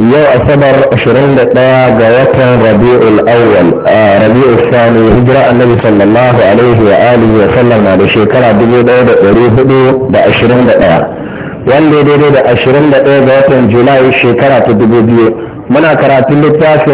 يوم أصبر عشرين لطاعة جواكا ربيع الأول آه، ربيع الثاني هجرة النبي صلى الله عليه وآله وسلم على شكرا بجيدة وريه دو بعشرين لطاعة والذي دي دي بعشرين لطاعة جواكا جولاي شكرا بجيدة منا كراتي لطاعة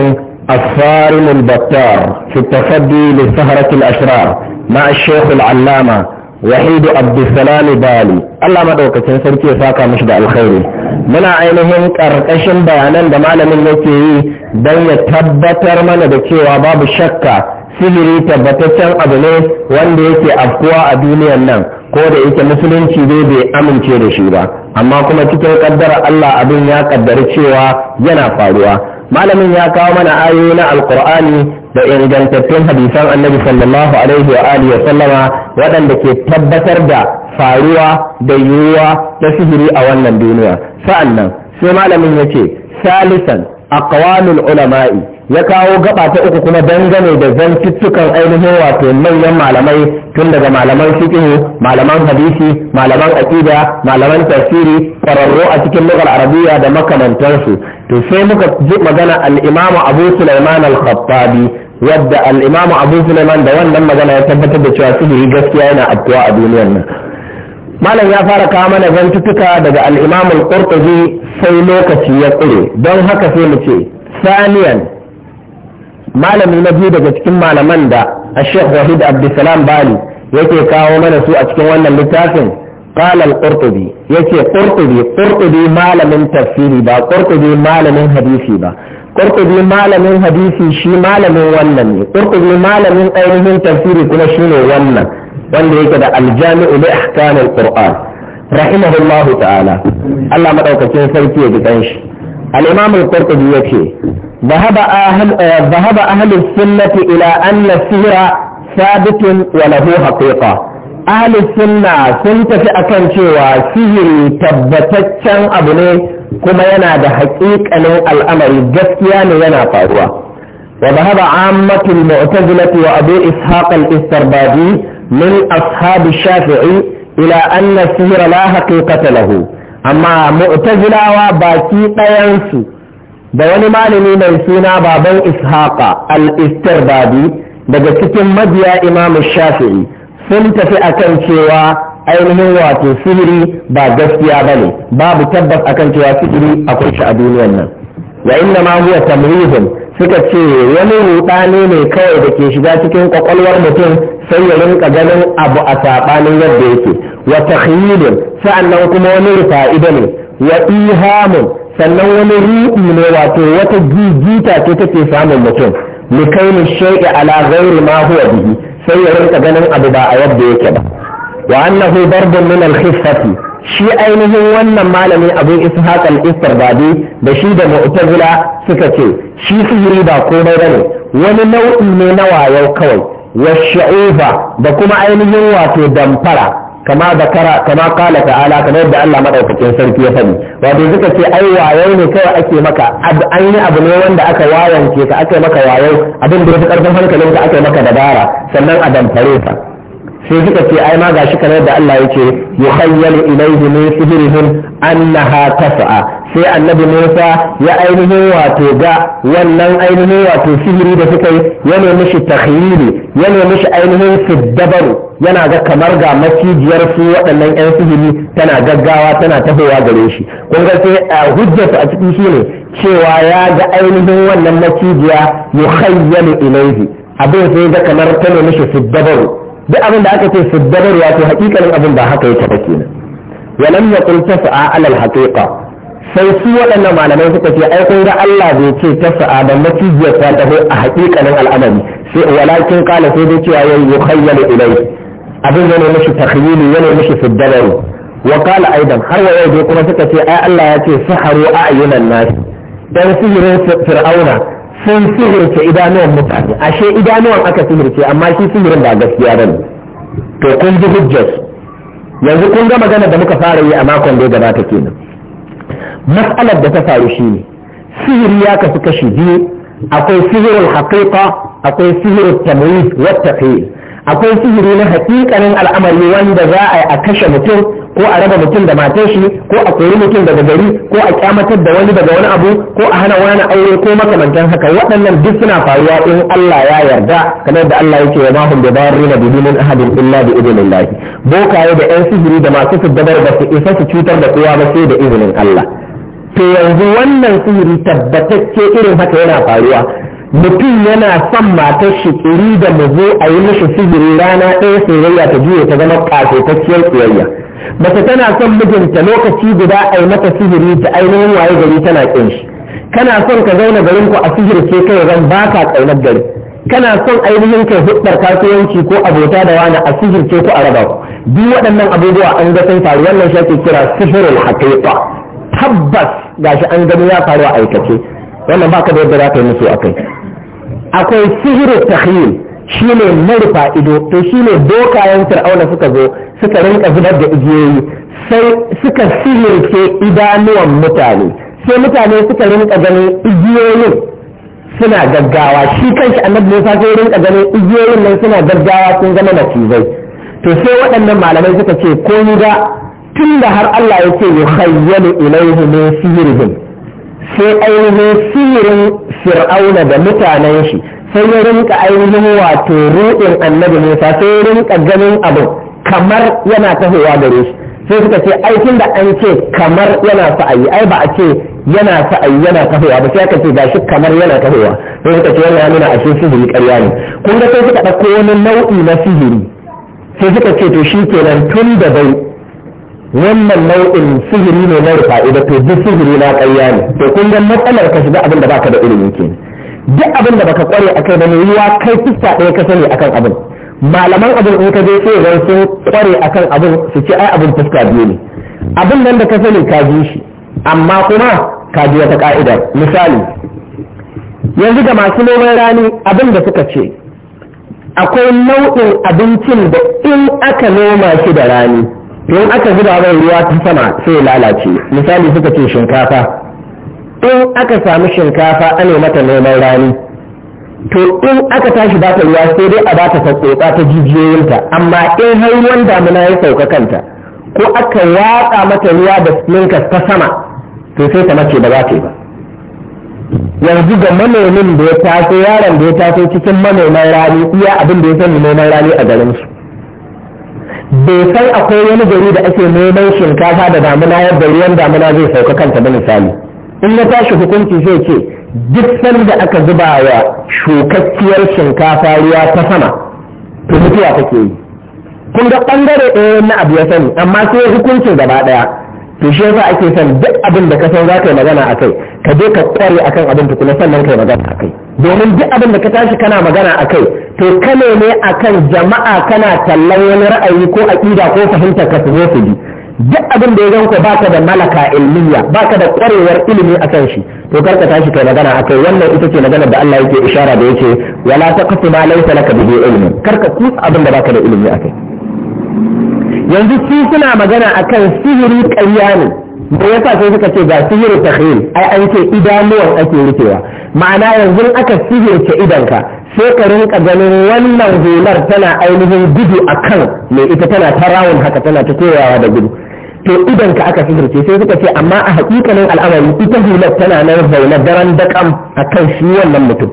الصارم البطار في التفدي للسهرة الأشرار مع الشيخ العلامة wahidu Abdulsalami bali Allah madaukakin sarki ya saka mishi da alkhairi muna ainihin karkashin bayanan da malamin yake yi don ya tabbatar mana da cewa babu shakka sihiri tabbataccen abu ne wanda yake afkuwa a duniyan nan ko da yake musulunci dai bai amince da shi ba amma kuma cikin kaddara Allah abin ya ƙaddari cewa yana faruwa malamin ya kawo mana ayoyi na alkur'ani da ingantattun hadisan annabi sallallahu alaihi wa alihi wa sallama waɗanda ke tabbatar da faruwa da yiwuwa da sihiri a wannan duniya sa'annan sai malamin ya ce salisan aqwalul ulama'i ya kawo gaba ta uku kuma dangane da zantuttukan ainihin wato manyan malamai tun daga malaman fiqh malaman hadisi malaman aqida malaman tafsiri kwararru a cikin lugar arabiya da makamantansu to sai muka ji magana al-imam Abu Sulaiman al-Khattabi wadda al Abu Sulaiman da wannan magana ya tabbatar da cewa sihiri gaskiya yana addu'a a duniyar nan malam ya fara kawo mana zantutuka daga alimamul imam sai lokaci ya ƙure, don haka sai mu ce saniyan malami na biyu daga cikin malaman da a sheikh wahid abdulsalam bali yake kawo mana su a cikin wannan littafin قال القرطبي يكي قرطبي malamin tafsiri, ba با malamin hadisi ba, با malamin hadisi shi malamin wannan ne, قرطبي malamin ainihin tafsiri kuma shine wannan wanda yake da aljami'u li ahkamil qur'an rahimahullahu ta'ala Allah madaukakin sarki ya gidan shi al-imam al-qurtubi yace ذهب أهل ذهب أهل السنة إلى أن السحر ثابت وله حقيقة أهل السنة سنت في أكن شوى سحر تبتتشن أبني كما ينادى حقيقة الأمر جسيان ينا فاروا وذهب عامة المعتزلة وأبو إسحاق الاستربادي من أصحاب الشافعي إلى أن السهر لا حقيقة له أما مؤتزلا وباكي قيانسو da wani malami mai suna baban ishaqa al-istirbabi daga cikin majiya imam shafi'i sun tafi akan cewa ainihin wato sihiri ba gaskiya bane babu tabbas akan cewa sihiri a shi a duniyan nan wa inna ma huwa tamrihun suka ce wani ruɗani ne kawai da ke shiga cikin kwakwalwar mutum sai ya rinka ganin abu a saɓanin yadda yake wa takhyilun sa'annan kuma wani rufa'ido ne wa ihamun sannan wani ruɗi ne wato wata gigita ce take samun mutum likaini shay'i ala ghairi ma huwa bihi sai ya rinka ganin abu ba a yadda yake ba wa annahu darbun min al shi ainihin wannan malamin abu ishaq al-istarbabi da shi da mu'tazila suka ce shi sihiri ba komai bane wani nau'i ne na wayo kawai washa'ufa da kuma ainihin wato damfara kama da kara kama kala ta'ala kamar yadda Allah madaukakin sarki ya faɗi wato suka ce ai wayo ne kawai ake maka an yi abu ne wanda aka wayance ka aka maka wayo abin da ya fi karfin hankalin ka aka maka dabara sannan a damfare ka sai suka ce ai ma gashi kamar da Allah yake yukhayyalu ilayhi min sihrihim annaha tas'a sai annabi Musa ya ainihin wato ga wannan ainihin wato sihiri da suka yi ya nemi shi takhyili ya nemi shi ainihin siddabaru yana ga kamar ga macijiyar su waɗannan 'yan sihiri tana gaggawa tana tahowa gare shi kun ga sai a hujjarsa a cikin shine cewa ya ga ainihin wannan macijiya yukhayyalu ilayhi abin sai ga kamar ta nemi shi siddabaru duk abin da aka ce siddarar wato hakikalin abin ba haka yake ba kenan wa lam yaqul tas'a ala al-haqiqa sai su waɗannan malamai suka ce ai kun ga Allah bai ce tas'a da macijiyar ta taho a hakikalin al'amari sai walakin kala sai dai cewa yayi yukhayyalu ilayhi abin yana mishi takhyili yana mishi siddarar wa qala aidan har wa yau kuma suka ce ai Allah ya ce saharu ayyunan nasi dan sihirin fir'auna sun sihirce idanuwan mutane ashe idanuwan aka sihirce amma shi sihirin ba gaskiya ba ne to kun ji hujjar yanzu kun ga magana da muka fara yi a makon da ya gabata kenan mas'alar da ta faru shi ne sihiri ya kasu kashi biyu akwai sihirin haƙiƙa akwai sihirin tamyiz wa akwai sihiri na haƙiƙanin al'amari wanda za a a kashe mutum ko a raba mutum da matar shi ko a kori mutum daga gari ko a kyamatar da wani daga wani abu ko a hana wani aure ko makamantan haka waɗannan duk suna faruwa in Allah ya yarda kamar da Allah yake wa mahum bi darrina bi min ahadin illa bi idnillah bokaye da yan sihiri da masu fiddabar ba su isa su cutar da kowa ba sai da izinin Allah to yanzu wannan sihiri tabbatacce irin haka yana faruwa mutum yana son matar shi kiri da mu zo a yi mishi sihiri rana ɗaya soyayya ta juya ta zama ƙasaitacciyar soyayya mace tana son mijinta lokaci guda a mata sihiri ta ainihin waye gari tana kin shi kana son ka zauna garin ku a ke kai ran baka kaunar gari kana son ainihin kai hudar kasuwanci ko abota da wani a ke ku a raba ku duk waɗannan abubuwa an ga sun faru wannan shi ake kira sihirul haqiqa tabbas gashi an gani ya faru a aikace wannan baka da yadda za ka yi musu akai akwai sihirul tahyil shi ne marufa ido to shi ne dokayen fir'auna suka zo suka rinka zubar da igiyoyi sai suka sihirce idanuwan mutane sai mutane suka rinka ganin igiyoyin suna gaggawa shi kanshi annabi Musa sai rinka ganin igiyoyin nan suna gaggawa sun zama cizai, to sai waɗannan malamai suka ce ko ni da tun da har Allah ya ce yuhayyalu ilaihi min sihrihim sai ainihin sirrin fir'auna da mutanen shi sai ya rinka ainihin wato ruɗin annabi musa sai ya rinka ganin abu kamar yana tahowa gare shi sai suka ce aikin da an ce kamar yana sa'ayi ai ba a ce yana sa'ayi yana tahowa ba sai aka ce gashi kamar yana tahowa sai suka ce yana nuna ashe sihiri ƙarya ne kun ga sai suka ɗauko wani nau'i na sihiri sai suka ce to shi kenan tun da bai wannan nau'in sihiri ne na rufa'i da to duk sihiri na ƙarya ne to kun ga matsalar ka shiga abin da baka da ilimi ke duk abin da baka kware a ba ne ruwa kai fuska ɗaya ka sani akan abin malaman abin in ka je sai zan sun kware akan abin su ci ai abin fuska biyu ne abin nan da ka sani ka ji shi amma kuma ka ji wata ka'ida misali yanzu ga masu noman rani abin da suka ce akwai nau'in abincin da in aka noma shi da rani in aka zuba mai ruwa ta sama sai lalace misali suka ce shinkafa in aka samu shinkafa ana mata noman rani to in aka tashi bata ruwa sai dai a bata sassauka ta jijiyoyinta amma in har ruwan damuna ya sauka kanta ko aka watsa mata ruwa da ninka ta sama to sai ta mace ba za ta yi ba yanzu ga manomin da ya taso yaron da ya taso cikin manoman rani iya abin da ya sani noman rani a garinsu bai san akwai wani gari da ake neman shinkafa da damuna yadda ruwan damuna zai sauka kanta ba misali in na tashi hukunci zai ce duk sanda aka zuba wa shukakkiyar shinkafa ruwa ta sama to mutuwa take yi kun ga bangare ɗaya wani abu ya sani amma sai hukuncin gaba ɗaya to shi yasa ake son duk abin da ka san za ka yi magana a kai ka je ka kware akan abin tukuna sannan ka yi magana a kai domin duk abin da ka tashi kana magana a kai to ka ne a kan jama'a kana tallan wani ra'ayi ko aƙida ko fahimtar ka su zo bi duk abin da ya gan ku baka da malaka ilmiya baka da kwarewar ilimi a kan shi to karka tashi kai magana a kai wannan ita ce maganar da Allah yake ishara da yake wala taqfu ma laysa laka bihi ilmin karka kusa abin da baka da ilimi a kai yanzu su suna magana akan sihiri ƙarya ne me yasa sai suka ce ga sihirin takhil ai an ce idanuwan ake rufewa ma'ana yanzu aka sihirce idanka sai ka rinka ganin wannan hular tana ainihin gudu a kan mai ita tana ta rawun haka tana ta koyawa da gudu to idanka ka aka sihirce sai suka ce amma a hakikanin al'amari ita hular tana nan zaune daren daƙam a kan shi wannan mutum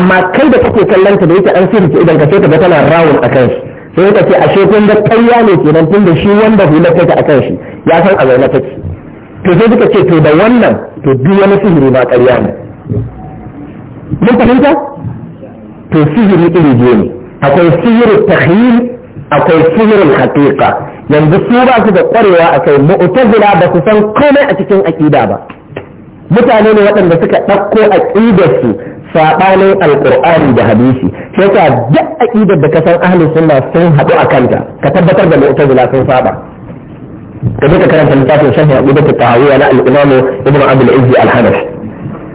amma kai da kake kallon ta da yake an sihirce idanka sai ka ga tana rawun a kan shi sai suka ce ashe kun ga ƙarya ne kenan tunda shi wanda hular take a kan shi ya san a zaune take to sai suka ce to da wannan to duk wani sihiri ba ƙarya ne mun fahimta to sihiri iri biyu ne akwai sihirin tahil akwai sihirin haƙiƙa yanzu su ba su da ƙwarewa a kai mu'tazila ba su san komai a cikin aƙida ba mutane ne waɗanda suka ɗauko aƙidarsu saɓanin alƙur'ani da hadisi sai ka duk aƙidar da ka san ahlus sunna sun haɗu a kanta ka tabbatar da mu'tazila sun saba ka duka karanta littafin shafi a gudu ta na al'imamu ibn abdul izzi al-hanafi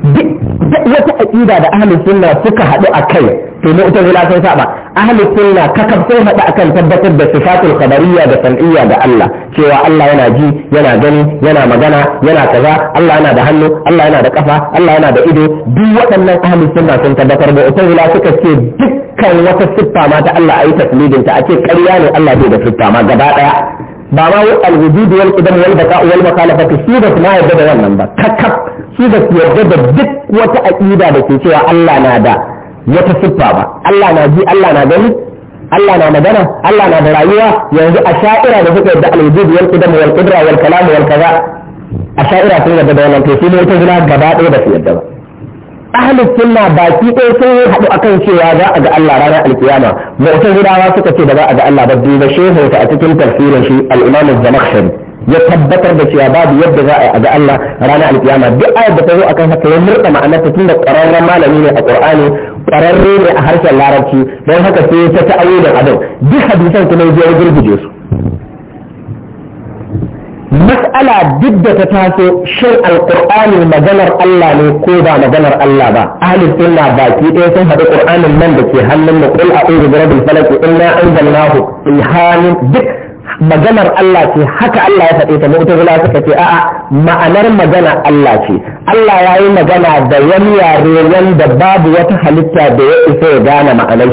duk wata aƙida da ahlus sunna suka haɗu a kai to mu'tazila sun saba ahlus sunna kakaf sun haɗu akan tabbatar da sifatul khabariyya da sam'iyya da Allah cewa Allah yana ji yana gani yana magana yana kaza Allah yana da hannu Allah yana da ƙafa Allah yana da ido duk waɗannan ahlus sunna sun tabbatar da mu'tazila suka ce dukkan wata siffa ma ta Allah ayi taslidin ta a ce ƙarya ne Allah bai da siffa ma gaba ɗaya ba ma wai alwujud wal qidam wal baqa wal mukhalafa su ba su ma yarda da wannan ba kakkab su ba su yarda da duk wata aqida da ke cewa Allah na da wata siffa ba Allah na ji Allah na gani Allah na magana Allah na da rayuwa yanzu a sha'ira da suka yarda alwujud wal qidam wal qudra wal kalam wal kaza a sha'ira sun yarda da wannan to su ne wata gaba ɗaya ba su yarda ba ahalin sunna baki ɗaya sun yi haɗu akan cewa za a ga Allah ranar alkiyama mutum gudawa suka ce ba za a ga Allah ba duba shehunsa a cikin tafsirin shi al-Imam az-Zamakhshari ya tabbatar da cewa babu yadda za a ga Allah ranar alkiyama duk ayar da ta zo akan haka ya murɗa ma'anar ta tunda ƙwararren malami ne a Qur'ani ƙwararre ne a harshen Larabci don haka sai ta ta'awilin abin duk hadisan kuma ya gurguje su mas'ala duk da ta taso shin alƙur'ani maganar Allah ne ko ba maganar Allah ba ahlus sunna baki ɗaya sun haɗu ƙur'anin nan da ke hannun mu qul a'udhu bi rabbil falaq inna anzalnahu ilhamin duk maganar Allah ce haka Allah ya faɗe ta mu'tazila suka ce a'a ma'anar magana Allah ce Allah ya yi magana da wani yare wanda babu wata halitta da ya isa ya gane ma'anar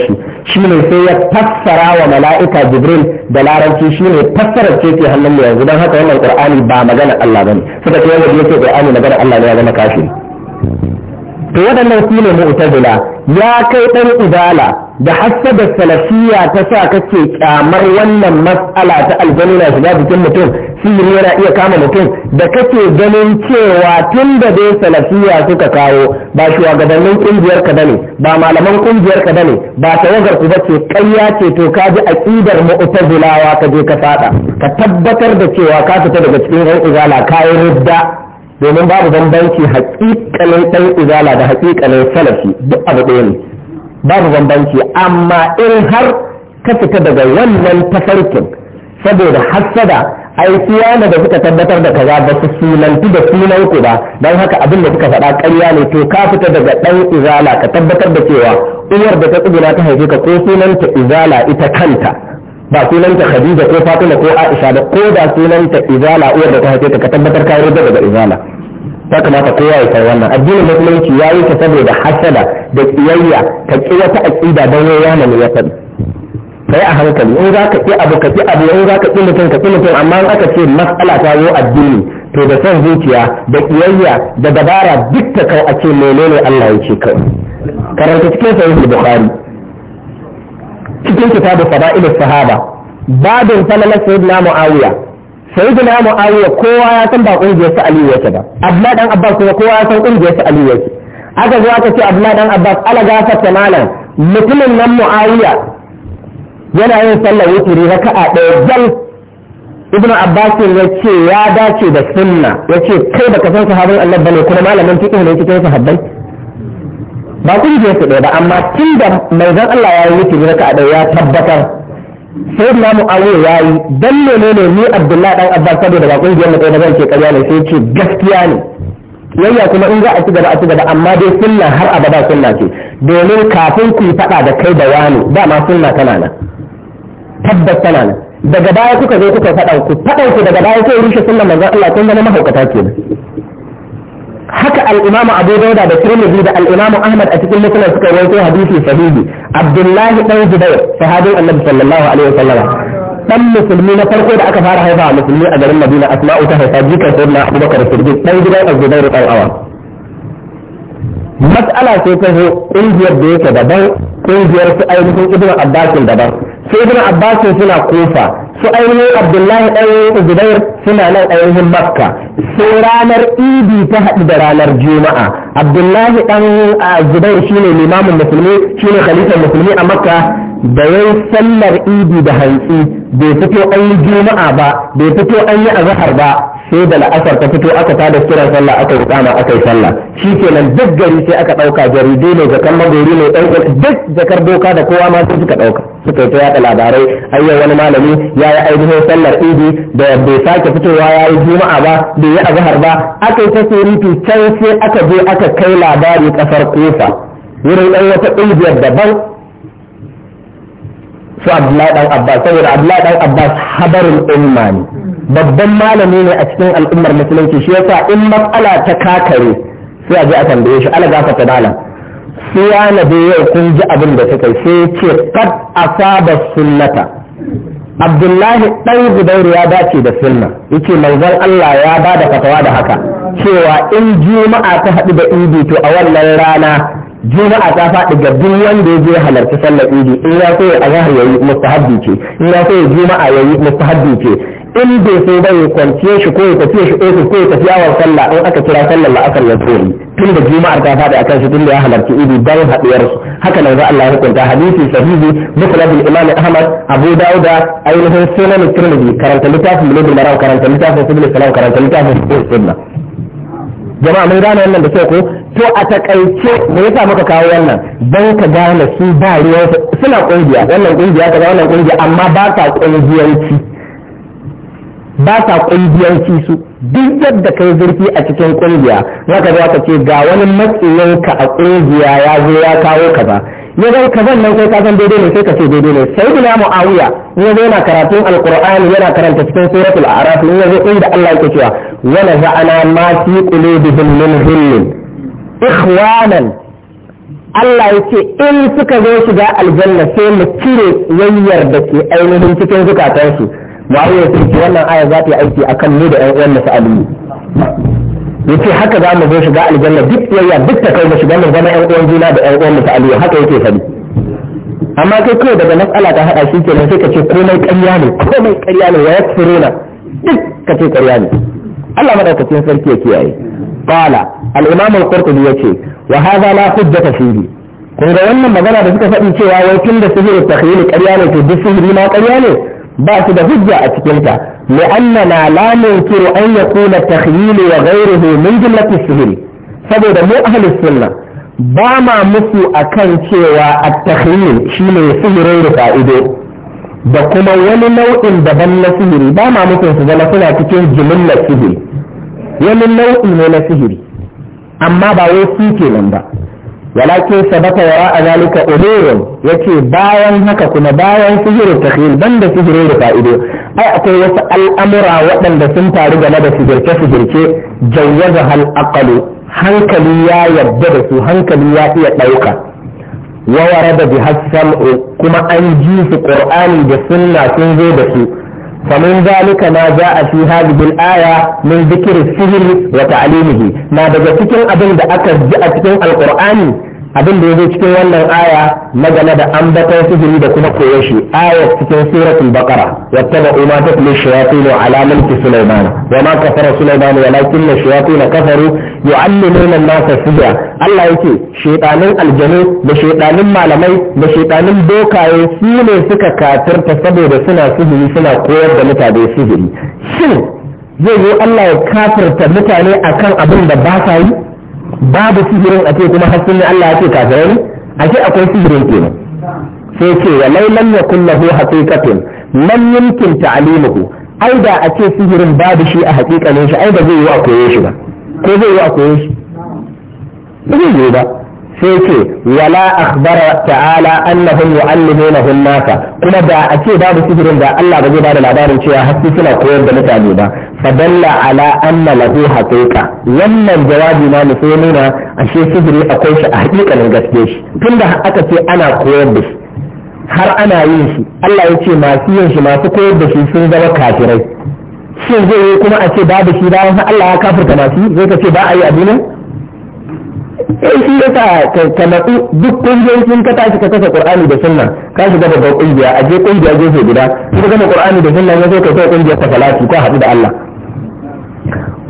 shi ne sai ya fassara wa mala'ika Jibril da larabci ne fassarar ce ke hannun mu yanzu don haka wannan Qur'ani ba magana Allah bane suka ce wanda yake Qur'ani magana Allah ne ya zama kashi to waɗannan su ne mu'tazila ya kai ɗan ibala da da salafiya ta sa kake kyamar wannan matsala ta aljanu na shiga jikin mutum sihiri yana iya kama mutum da kake ganin cewa tun da dai salafiya suka kawo ba shugabannin kungiyar ka bane ba malaman kungiyar ka bane ba tawagar ku bace kayya ce to ka ji aqidar mu'tazilawa ka je ka fada ka tabbatar da cewa ka fita daga cikin ran izala kayan rudda domin babu bambanci haƙiƙanin ɗan izala da haƙiƙanin salafi duk abu ɗaya ne babu bambanci amma in har ka fita daga wannan tafarkin saboda hassada ai kiyama da suka tabbatar da kaza ba su sunantu da sunanku ba don haka abin da suka faɗa ƙarya ne to ka fita daga ɗan izala ka tabbatar da cewa uwar da ta tsuguna ta haife ka ko sunanta izala ita kanta ba sunanta khadija ko fatima ko aisha da ko da sunanta izala uwar da ta haife ka ka tabbatar ka yarda daga izala ya kamata kowa ya san wannan addinin musulunci ya yi ta saboda hasada da tsiyayya ka ki wata aqida don ya na ne ya faɗi kai a hankali in za ka ki abu ka ki abu in za ka ki mutum ka ki mutum amma in aka ce matsala ta zo addini to da son zuciya da tsiyayya da dabara duk ta kau a ce menene Allah ya ce kai? karanta cikin sahih bukhari cikin kitabu fada'il sahaba babin falalar sayyidina muawiya na muawiya kowa ya san ba kungiyar sa aliyu yake ba abdullahi dan abbas kuma kowa ya san kungiyar sa aliyu yake aka zo aka ce abdullahi dan abbas ala gafar ta malam mutumin nan muawiya yana yin sallar wuturi raka'a ɗaya zan ibnu abbas ya ce ya dace da sunna ya ce kai baka san sahabin allah bane kuma malamin fiqh ne cikin sahabbai ba kungiyar su ɗaya ba amma tunda mai zan allah ya yi wuturi raka'a ɗaya ya tabbatar sai na aure ya yi dan ne ni abdullahi dan abbas saboda ba kungiyar mu ba zan ce karya ne sai ce gaskiya ne kiyayya kuma in za a ci gaba a ci gaba amma dai sunna har abada sunna ce domin kafin ku yi faɗa da kai da wani dama sunna tana nan tabbas tana nan daga baya kuka zo kuka faɗa ku faɗa ku daga baya sai rushe sunna manzon Allah kun zama mahaukata kenan haka al-imam Abu Dawud da Tirmidhi da al Ahmad a cikin musnad suka rawaito hadisi sahihi Abdullahi dan Zubair sahabin Annabi sallallahu alaihi wasallam dan musulmi na farko da aka fara haifa a musulmi a garin Madina Asma'u ta haifa jikar sayyidina Abu Bakar Siddiq dan gidan Zubair dan Awa mas'ala sai ta zo ƙungiyar da yake daban ƙungiyar su ainihin ibn abbasin daban sai ibn abbasin suna kofa su ainihin abdullahi ɗan zubair suna nan ainihin makka sai ranar idi ta haɗu da ranar juma'a abdullahi ɗan zubair shine limamin musulmi shine khalifar musulmi a makka da yayi sallar idi da hantsi bai fito an yi juma'a ba bai fito an yi azahar ba sai da la'asar ta fito aka tada kiran sallah aka yi kama aka yi sallah shi kenan duk gari sai aka ɗauka jaridu ne jakar magori ne ɗan duk jakar doka da kowa ma sai suka ɗauka suka ta yaɗa labarai ayyau wani malami ya yi ainihin sallar idi da bai sake fitowa ya yi juma'a ba bai yi azhar ba aka yi ta surutu can sai aka je aka kai labari ƙasar kofa wurin ɗan wata ƙungiyar daban su abdullahi dan abbas saboda abdullahi dan abbas habarin umma ne babban malami ne a cikin al'ummar musulunci shi yasa in matsala ta kakare sai a je a tambaye shi ala gafa ta malam sai ya nabe yau kun ji abin da suka yi sai ce qad asaba sunnata abdullahi dan zubairu ya dace da sunna yace manzon Allah ya bada fatawa da haka cewa in juma'a ta haɗu da idi to a wannan rana juma'a ta faɗi ga duk wanda zai halarci sallar idi in ya so ya azhar yayi mustahabbi ce in ya so ya juma'a yayi mustahabbi ce in bai so ba ya kwanciye shi ko ya tafiye shi ofis ko ya tafi yawon sallah in aka kira sallar la'asar ya tsori tun da juma'ar ta faɗi akan shi tun da ya halarci idi dan haɗuwar su haka nan za Allah ya hukunta hadisi sahihi musnadul imam ahmad abu dawud ainihin sunan tirmidhi karanta littafin bulugul maram karanta littafin sibul salam karanta littafin sunna jama'a mun gane wannan da kyau ko to a takaice me yasa muka kawo wannan dan ka gane su ba ruwan suna kungiya wannan kungiya kaza wannan kungiya amma ba sa kungiyanci ba sa kungiyanci su duk yadda kai zurfi a cikin kungiya zaka zo ka ce ga wani matsayinka a kungiya ya zo ya kawo kaza ya zan ka zan nan kai ka san daidai ne sai ka ce daidai ne sai ina mu'awiya ya zai yana karatun alqur'ani yana karanta cikin suratul a'raf ne ya inda Allah yake cewa wa la ja'ala ma fi qulubihim min ghillin ikhwanan Allah yake in suka zo shiga aljanna sai mu cire yayyar da ke ainihin cikin zukatansu mu'awiya sai wannan aya za ta yi aiki akan ne da ƴan uwan nasu sa'ali yace haka za mu zo shiga aljanna duk yayya duk ta kai shiga mu zama ƴan uwan juna da ƴan uwan mu ta aliyu haka yake faɗi amma kai kawai daga matsala ta haɗa shi kenan sai ka ce komai ƙarya ne komai ƙarya ne wa yakfuruna duk ka ce ƙarya ne Allah madaukakin sarki ya kiyaye qala al-imam al-qurtubi yace wa hadha la hujjata fihi kun ga wannan magana da suka faɗi cewa wai tun da sihiri takhrili ƙarya ne to duk sihiri ma ƙarya ne ba su da hujja a cikinta li'annana la nunkiru an yakuna takhyil wa ghayruhu min jumlati sihiri saboda mu nan, sunna ba ma musu akan cewa at-takhyil shine sihirin rufa'ido da kuma wani nau'in daban na sihiri ba ma musu su zama suna cikin jumlar sihiri wani nau'i ne na sihiri amma ba wai su kenan ba walakin sabata wara a zalika umurun yace bayan haka kuma bayan sihirin takhil banda sihirin da fa'ido ai akwai wasu al'amura waɗanda sun faru game da sigirce sigirce jawwaza hal akalu hankali ya yadda da su hankali ya iya ɗauka wa warada bi kuma an ji su qur'ani da sunna sun zo da su فمن ذلك ما جاء في هذه الآية من ذكر السهر وتعليمه ما دقى تكن أبن دقى القرآن abin da ya zo cikin wannan aya na game da ambatar sihiri da kuma koyon shi aya cikin suratul baqara wattaba umma tatlu shayatin ala mulki sulaiman wa ma kafara sulaiman walakin ash-shayatin kafaru yu'allimuna an-nasa sihra Allah yake shaytanin aljanu da shaytanin malamai da shaytanin dokaye su ne suka kafirta saboda suna sihiri suna koyar da mutane sihiri shin zai zo Allah ya kafirta mutane akan abin da ba sa yi babu sihirin a ce kuma haskin na Allah ya ce kafirai ne a ce akwai sihirin kenan sai ce wa lailan ya kulla hu haqiqatun lam yumkin ta'limuhu ai da a ce sihirin babu shi a haƙiƙanin shi ai da zai yi wa koyo shi ba ko zai yi wa koyo shi ba zai yi ba sai ce wala akhbara ta'ala annahum na nasa kuma da a ce babu sihirin da Allah ba zai bada labarin cewa haske suna koyar da mutane ba fadalla ala anna lahu haqiqa wannan jawabi na mu sai nuna ashe sihiri akwai shi a hakikanin gaske shi tunda aka ce ana koyar da shi har ana yin shi Allah ya ce masu yin shi masu koyar da shi sun zama kafirai shin zai yi kuma a ce babu shi bayan Allah ya kafirta masu zai ka ce ba a yi a duniya sai shi ya sa ka matsu duk kungiyoyin sun ka tashi ka kasa qur'ani da sunna ka shiga babbar kungiya a je kungiya gefe guda kuma gama qur'ani da sunna ya zo ka sa kungiyar ta salati ko haɗu da Allah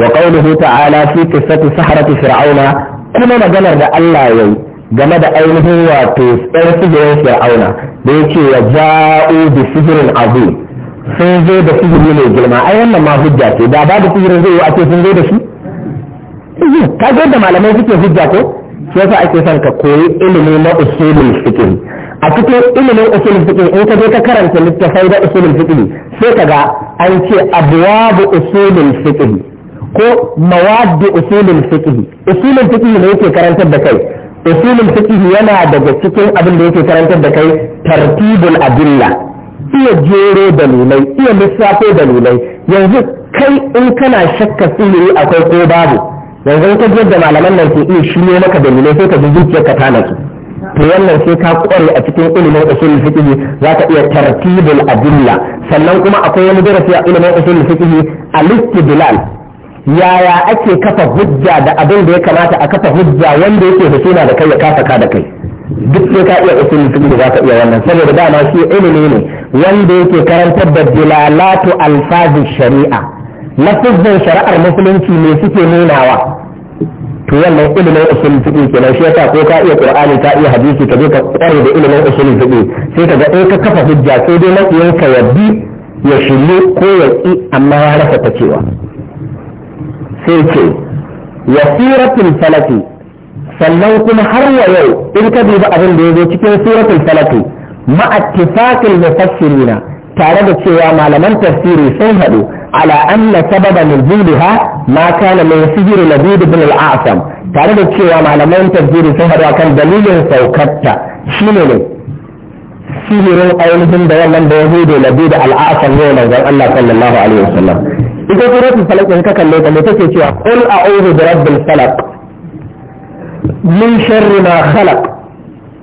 wa qawluhu ta'ala fi qissati sahrati fir'auna kuma maganar da Allah yayi game da ainihin wato tsar sihirin fir'auna da yake ya ja'u bi sihirin azim sun zo da sihiri mai girma ai wannan ma hujja ce da ba da sihirin zai yi a ce sun zo da shi ka ga da malamai suke hujja ko shi yasa ake son ka koyi ilimi na usulul fiqh a cikin ilimin usulul fiqh in ka je ka karanta littafai da usulul fiqh sai ka ga an ce abwabu usulul fiqh ko mawadi usulul fiqh usulul fiqh ne yake karantar da kai usulul fiqh yana daga cikin abin da yake karantar da kai tartibul adilla iya jero dalilai iya lissafo dalilai yanzu kai in kana shakka sihiri akwai ko babu yanzu ka yadda malaman nan ke iya shirye maka dalilai sai ka ji zuciyar ka natsu to wannan sai ka kware a cikin ilimin usul fiqh za ka iya tartibul adilla sannan kuma akwai wani darasi a ilimin usul fiqh al-istidlal yaya ake kafa hujja da abin da ya kamata a kafa hujja wanda yake da suna da kai ya kafa ka da kai duk sai ka iya usul fiqh za ka iya wannan saboda dama shi ilimi ne wanda yake karantar da dilalatu alfazi shari'a lafizin shari'ar musulunci ne suke nunawa to wannan ilimin usul fiqi kenan shi yasa ko ka iya qur'ani ka iya hadisi ka je ka kware da ilimin usul fiqi sai ka ga in ka kafa hujja sai dai makiyin ka ya ya shirye ko ya ki amma ya rasa ta cewa sai ce yasiratul falaki sannan kuma har wa yau in ka duba abin da ya zo cikin suratul falaki ma'a mufassirina tare da cewa malaman tafsiri sun haɗu على أن na نزولها ما كان من سجر لبيد بن الأعصم tare da cewa malaman tafsiri sun haɗu kan dalilin saukarta shine ne sihirin ainihin da wannan da yahudu labi da al'asar ne manzon Allah sallallahu alaihi wasallam ita suratul falaq in ka kalle ta me take cewa qul a'udhu bi rabbil falaq min sharri ma khalaq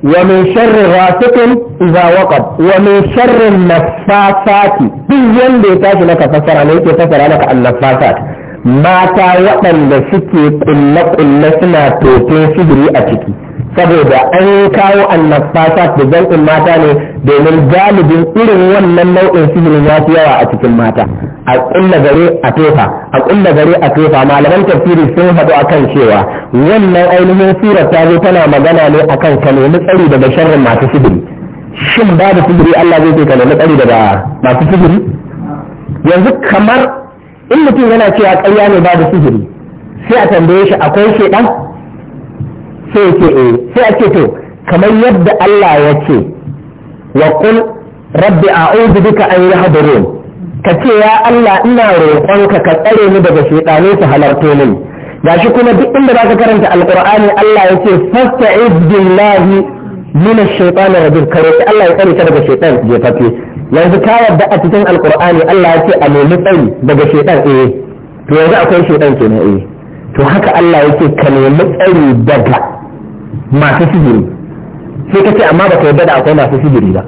ومن شر غاسق إذا وقب ومن شر النفاثات بيان بيتاش لك فسر عليك فسر لك النفاثات mata waɗanda suke kulle-kulle suna tofe shigiri a ciki saboda an kawo annabfasa da jam'in mata ne domin galibin irin wannan nau'in sihirin ya fi yawa a cikin mata a ƙulla gare a tofa a ƙulla gare a tofa malaman tafsiri sun haɗu akan cewa wannan ainihin sirar ta zo tana magana ne akan ka nemi tsari daga sharrin masu sigiri shin babu sigiri Allah zai ce ka nemi tsari daga masu sigiri yanzu kamar in mutum yana cewa ƙarya ne babu sihiri sai a tambaye shi akwai shaidan sai ya ce eh sai a ce to kamar yadda Allah ya ce wa qul rabbi a'udhu bika an yahdurun ka ce ya Allah ina roƙonka ka tsare ni daga shaidane su halarto mini gashi kuma duk inda zaka karanta alqur'ani Allah ya ce fasta'iz billahi min ash-shaytan rajim kare ki Allah ya tsare ka daga shaytan je fate yanzu ka yarda a cikin alqur'ani Allah ya ce a nemi tsari daga shaytan eh to yanzu akwai shaytan kenan eh to haka Allah yake ka nemi tsari daga masu sihiri sai ka ce amma baka yarda da akwai masu sihiri ba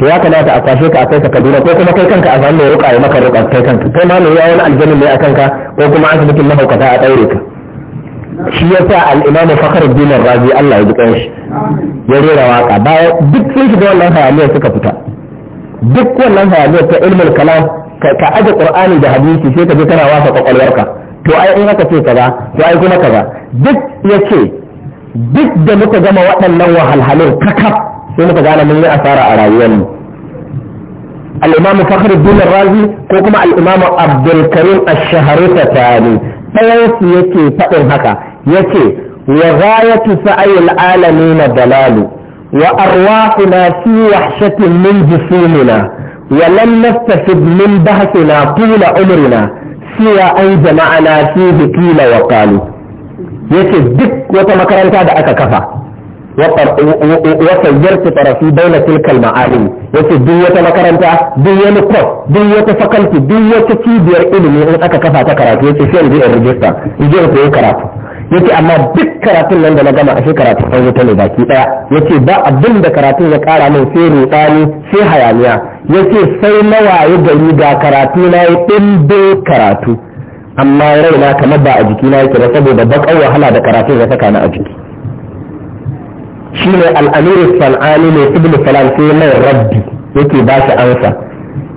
to ya kamata a kwashe ka a kai ka kaduna ko kuma kai kanka a samu mai ruka ya maka ruka kai kanka kai ma mai yawon aljanin ne a kanka ko kuma asibitin mahaukata a ɗaure ka shi ya sa al'imamu fakar dinar razi Allah ya jikan shi ya rera waka bayan duk sun shiga wannan hayaniyar suka fita duk wannan hayaniyar ta ilmul kalam ka aje qur'ani da hadisi sai ka je kana wasa kwakwalwarka to ai in haka ce kaza to ai kuma kaza duk yace duk da muka gama waɗannan wahalhalun kakaf sai muka gane mun yi asara a rayuwar mu الإمام razi ko kuma كوكما الإمام عبد الكريم الشهري ɗayansu yake faɗin haka yake wa ghayatu sa'ayil na dalalu wa arwahuna fi wahshatin min jisumina wa lam nastafid min bahthina tula umrina siwa an jama'ana fihi qila wa qalu yake duk wata makaranta da aka kafa wasayyanci tarafi baina tilkal ma'alimi yace duk wata makaranta duk wani prof duk wata faculty duk wata cibiyar ilimi in aka kafa ta karatu yace sai in je in register in je in karatu yace amma duk karatun nan da na gama ashe karatu sai wuta ne baki daya yace ba abin da karatun ya kara min sai rudani sai hayaniya yace sai mawaye gari ga karatu na yi dimbin karatu amma raina kamar ba a jikina yake ba saboda bakan wahala da karatun ya saka ni a jiki shine al'amiru san'ani ne ibn salam sai mai rabbi yake ba shi ansa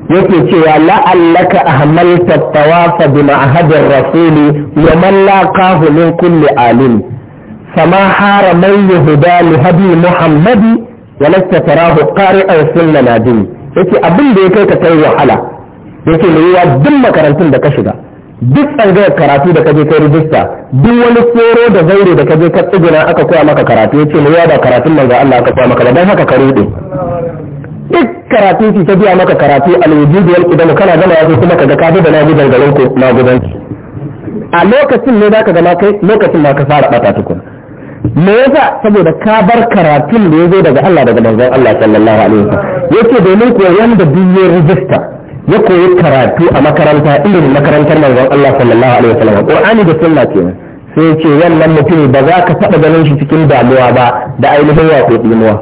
yake cewa la'allaka ahmalta tawafa bi ma'hadin rasuli wa man laqahu min kulli alim sama hara man yahuda li hadi muhammadi wa lasta tarahu qari'an sunna nadi yake abin da ya kai ka kai wahala yake ne ya duk makarantun da ka shiga duk tsangayar karatu da kaje kai rijista duk wani tsoro da zaure da kaje ka tsigina aka koya maka karatu ya ce ya da karatun nan ga Allah aka koya maka dan haka ka rude duk karatu ki ta biya maka karatu alwujud wal qidam kana gama yaso kuma kaga ka da na gidan garin ku na gudan a lokacin ne zaka ga kai lokacin ma ka fara bata tukun me yasa saboda ka bar karatun da yazo daga Allah daga manzon Allah sallallahu alaihi wasallam yace domin ko da duk rijista ya koyi karatu a makaranta ilimin makarantar manzon Allah sallallahu alaihi wasallam Qur'ani da sunna kenan sai ce wannan mutum ba za ka taɓa ganin shi cikin damuwa ba da ainihin wato dimuwa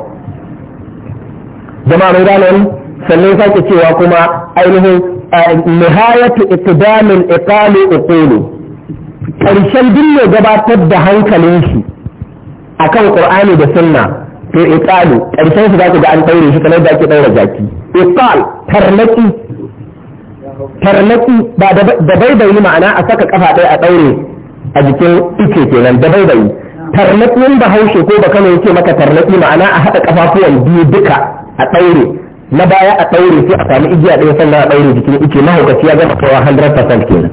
jama'a mai gane sannan sake cewa kuma ainihin eh, nihayatu iqdamil iqali uqulu karshen duk ne gabatar da hankalin shi akan qur'ani da sunna to iqalu karshen shi zaka ga an daure shi kamar da ake daura jaki iqal tarnaki tarnaki ba da baibayi ma'ana a saka kafa ɗaya a ɗaure a jikin ike kenan da baibayi tarnakin bahaushe ko ba kano yake maka tarnaki ma'ana a haɗa kafafuwan biyu duka a ɗaure na baya a ɗaure sai a sami igiya ɗaya sannan a ɗaure jikin ike mahaukaci ya gama kowa 100% kenan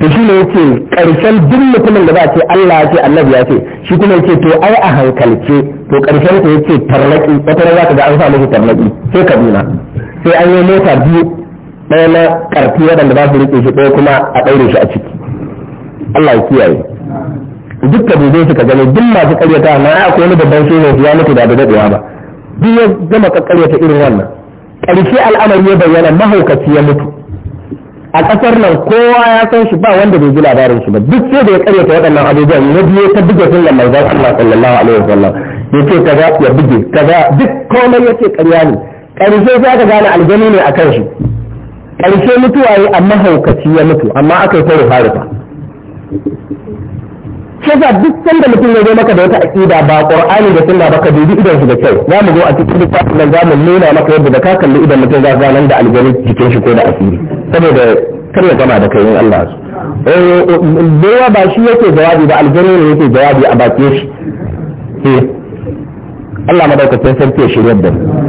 to shi ne yake ƙarshen duk mutumin da za a ce Allah ya ce annabi ya ce shi kuma yake to ai a hankalce to ƙarshen ta yake tarnaki wata za ka ga an sa mishi tarnaki sai kaduna sai an yi mota biyu ɗaya na ƙarfi waɗanda ba su riƙe shi ɗaya kuma a ɗaure shi a ciki Allah ya kiyaye duk ka dube ka gani duk masu ƙaryata amma ai akwai wani babban shehu ya mutu da daɗewa ba duk ya gama ka irin wannan ƙarshe al'amari ya bayyana mahaukaci ya mutu a ƙasar nan kowa ya san shi ba wanda bai ji labarin shi ba duk sai da ya ƙaryata waɗannan abubuwan ya biye ta buga sunan manzon Allah sallallahu alaihi wasallam ya ce kaza ya buge kaza duk komai ya ce ƙarya ne ƙarshe za ka gane aljani ne a kan shi ƙarshe mutuwa yi amma haukaci ya mutu amma aka yi ta faru ba shi duk sanda mutum ya zo maka da wata aƙida ba qur'ani da sunna ba ka dubi idan shi da kyau za mu zo a cikin littafin nan za mu nuna maka yadda da ka kalli idan mutum za ka nan da aljanu jikin shi ko da asiri saboda kar ya gama da kai in Allah su dawa eh, eh, eh, ba shi yake jawabi ba aljanu ne yake jawabi a bakin shi Allah madaukakin sarki ya shirya da mu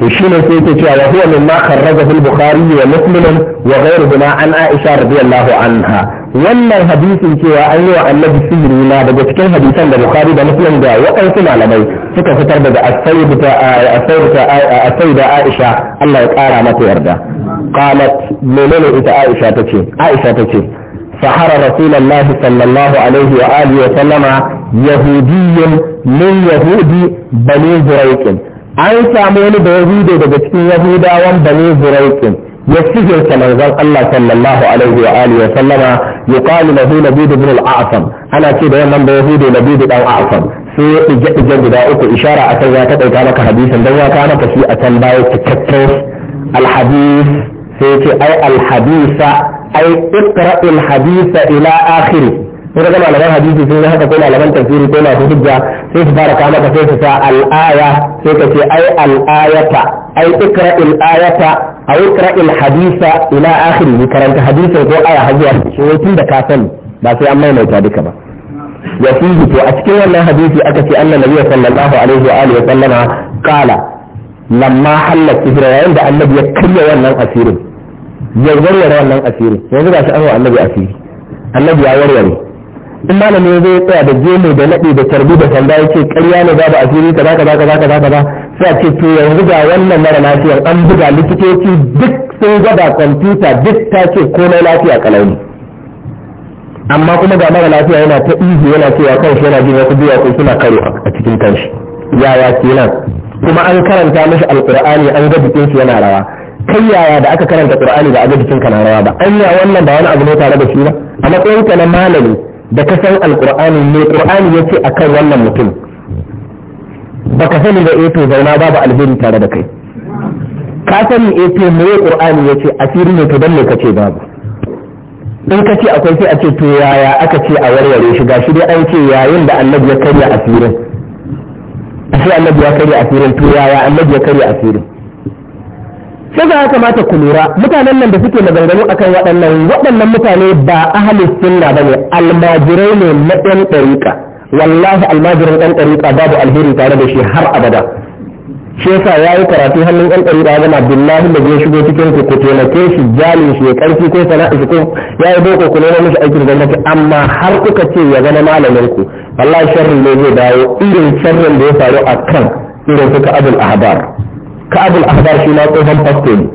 to shi ne sai ke cewa wa huwa mimma kharrajahu al-bukhari wa muslim wa ghayruhuma an aisha radiyallahu anha wannan hadisin cewa an yi wa annabi sihiri na daga cikin hadisan da bukhari da muslim da waɗansu malamai suka fitar daga as-sayyida aisha Allah ya kara mata yarda qalat menene ita aisha tace aisha tace sahara rasulullahi sallallahu alaihi wa alihi wa sallama yahudiyyin min yahudi bani zuraiqin an samu wani da yahudu daga cikin yahudawan bani buraikin ya sihirta manzon Allah sallallahu alaihi wa alihi wa sallama yuqalu lahu nabid ibn al-a'sam ana ce da wannan da yahudu nabid dan a'sam sai ya dige dige guda uku ishara a akan ya ta dauka maka hadisin dan ya kawo maka shi a can baya cikakken al-hadith sai ya ce ai al-hadisa ai iqra al-hadisa ila akhirih ko daga malaman hadisi sun yi haka ko labar tafsiri ko masu hujja sai su fara kama ka sai su sa al'aya sai ka ce ai al'ayata ai ikra ayata ai ikra al-hadisa ila akhiri karanta hadisin ko aya har zuwa shi da ka sani ba sai an maimaita duka ba ya fihi to a cikin wannan hadisi aka ce annabi nabi sallallahu alaihi wa alihi sallama qala lamma halla sihra yayin da annabi ya karya wannan asirin ya warware wannan asirin yanzu ga shi an wa annabi asiri annabi ya warware in malami ya zo tsaya da gemu da naɗi da tarbi da sanda ya ce ƙarya ne babu asiri kaza kaza kaza kaza kaza sai a ce to yanzu ga wannan mara lafiyar an buga likitoci duk sun gwada kwamfuta duk ta ce komai lafiya kalauni amma kuma ga mara lafiya yana ta ihu yana cewa kanshi yana jin wasu biya ko suna karo a cikin kanshi yaya kenan kuma an karanta mashi alkur'ani an ga jikinsu yana rawa kai yaya da aka karanta ƙurani da aga jikinka na rawa ba An anya wannan ba wani abu ne tare da shi ba a matsayin na malami da ka san alkur'ani ne qur'ani ce akan wannan mutum baka sani da eto eh zauna babu alheri tare da kai ka sani eto eh to me qur'ani ce asiri ne to dan me kace babu in ka ce akwai sai a ce to yaya aka ce a warware shi gashi dai an ce yayin da annabi ya karya asirin sai annabi ya karya asirin to yaya annabi ya karya asirin sai ya kamata ku lura mutanen nan da suke maganganu akan waɗannan waɗannan mutane ba ahalin sunna bane almajirai ne na ɗan ɗariƙa wallahi almajirin ɗan ɗariƙa babu alheri tare da shi har abada shi yasa ya karatu hannun ɗan ɗariƙa ya zama billahi da zai shigo cikin ku ku taimake shi jalin shi ya ƙarfi ko sana'a shi ko ya yi boko ku nuna mishi aikin gwamnati amma har kuka ce ya zama malamin ku wallahi sharrin ne zai dawo irin sharrin da ya faru a kan irin suka abul ahbar ka'abul ahbar shi ma tsohon fasto ne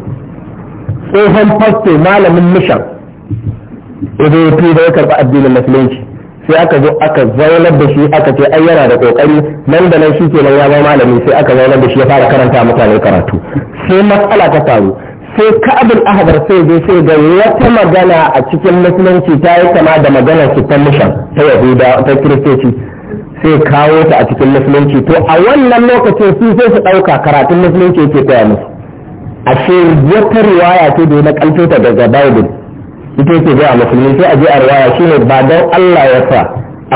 tsohon fasto malamin mishan idan ya ya karɓi addinin musulunci sai aka zo aka zaunar da shi aka ce ai yana da kokari nan da nan shi kenan ya ba malami sai aka zaunar da shi ya fara karanta mutane karatu sai matsala ta faru sai ka'abul ahbar sai je sai ga wata magana a cikin musulunci ta yi kama da maganar su ta mishan ta yahuda ta kiristoci sai kawo ta a cikin musulunci to a wannan lokacin su sai su ɗauka karatun musulunci yake koya musu ashe wata riwaya ce da na kalto ta daga bible ita yake ga musulmi sai a je a riwaya shine ba don Allah ya sa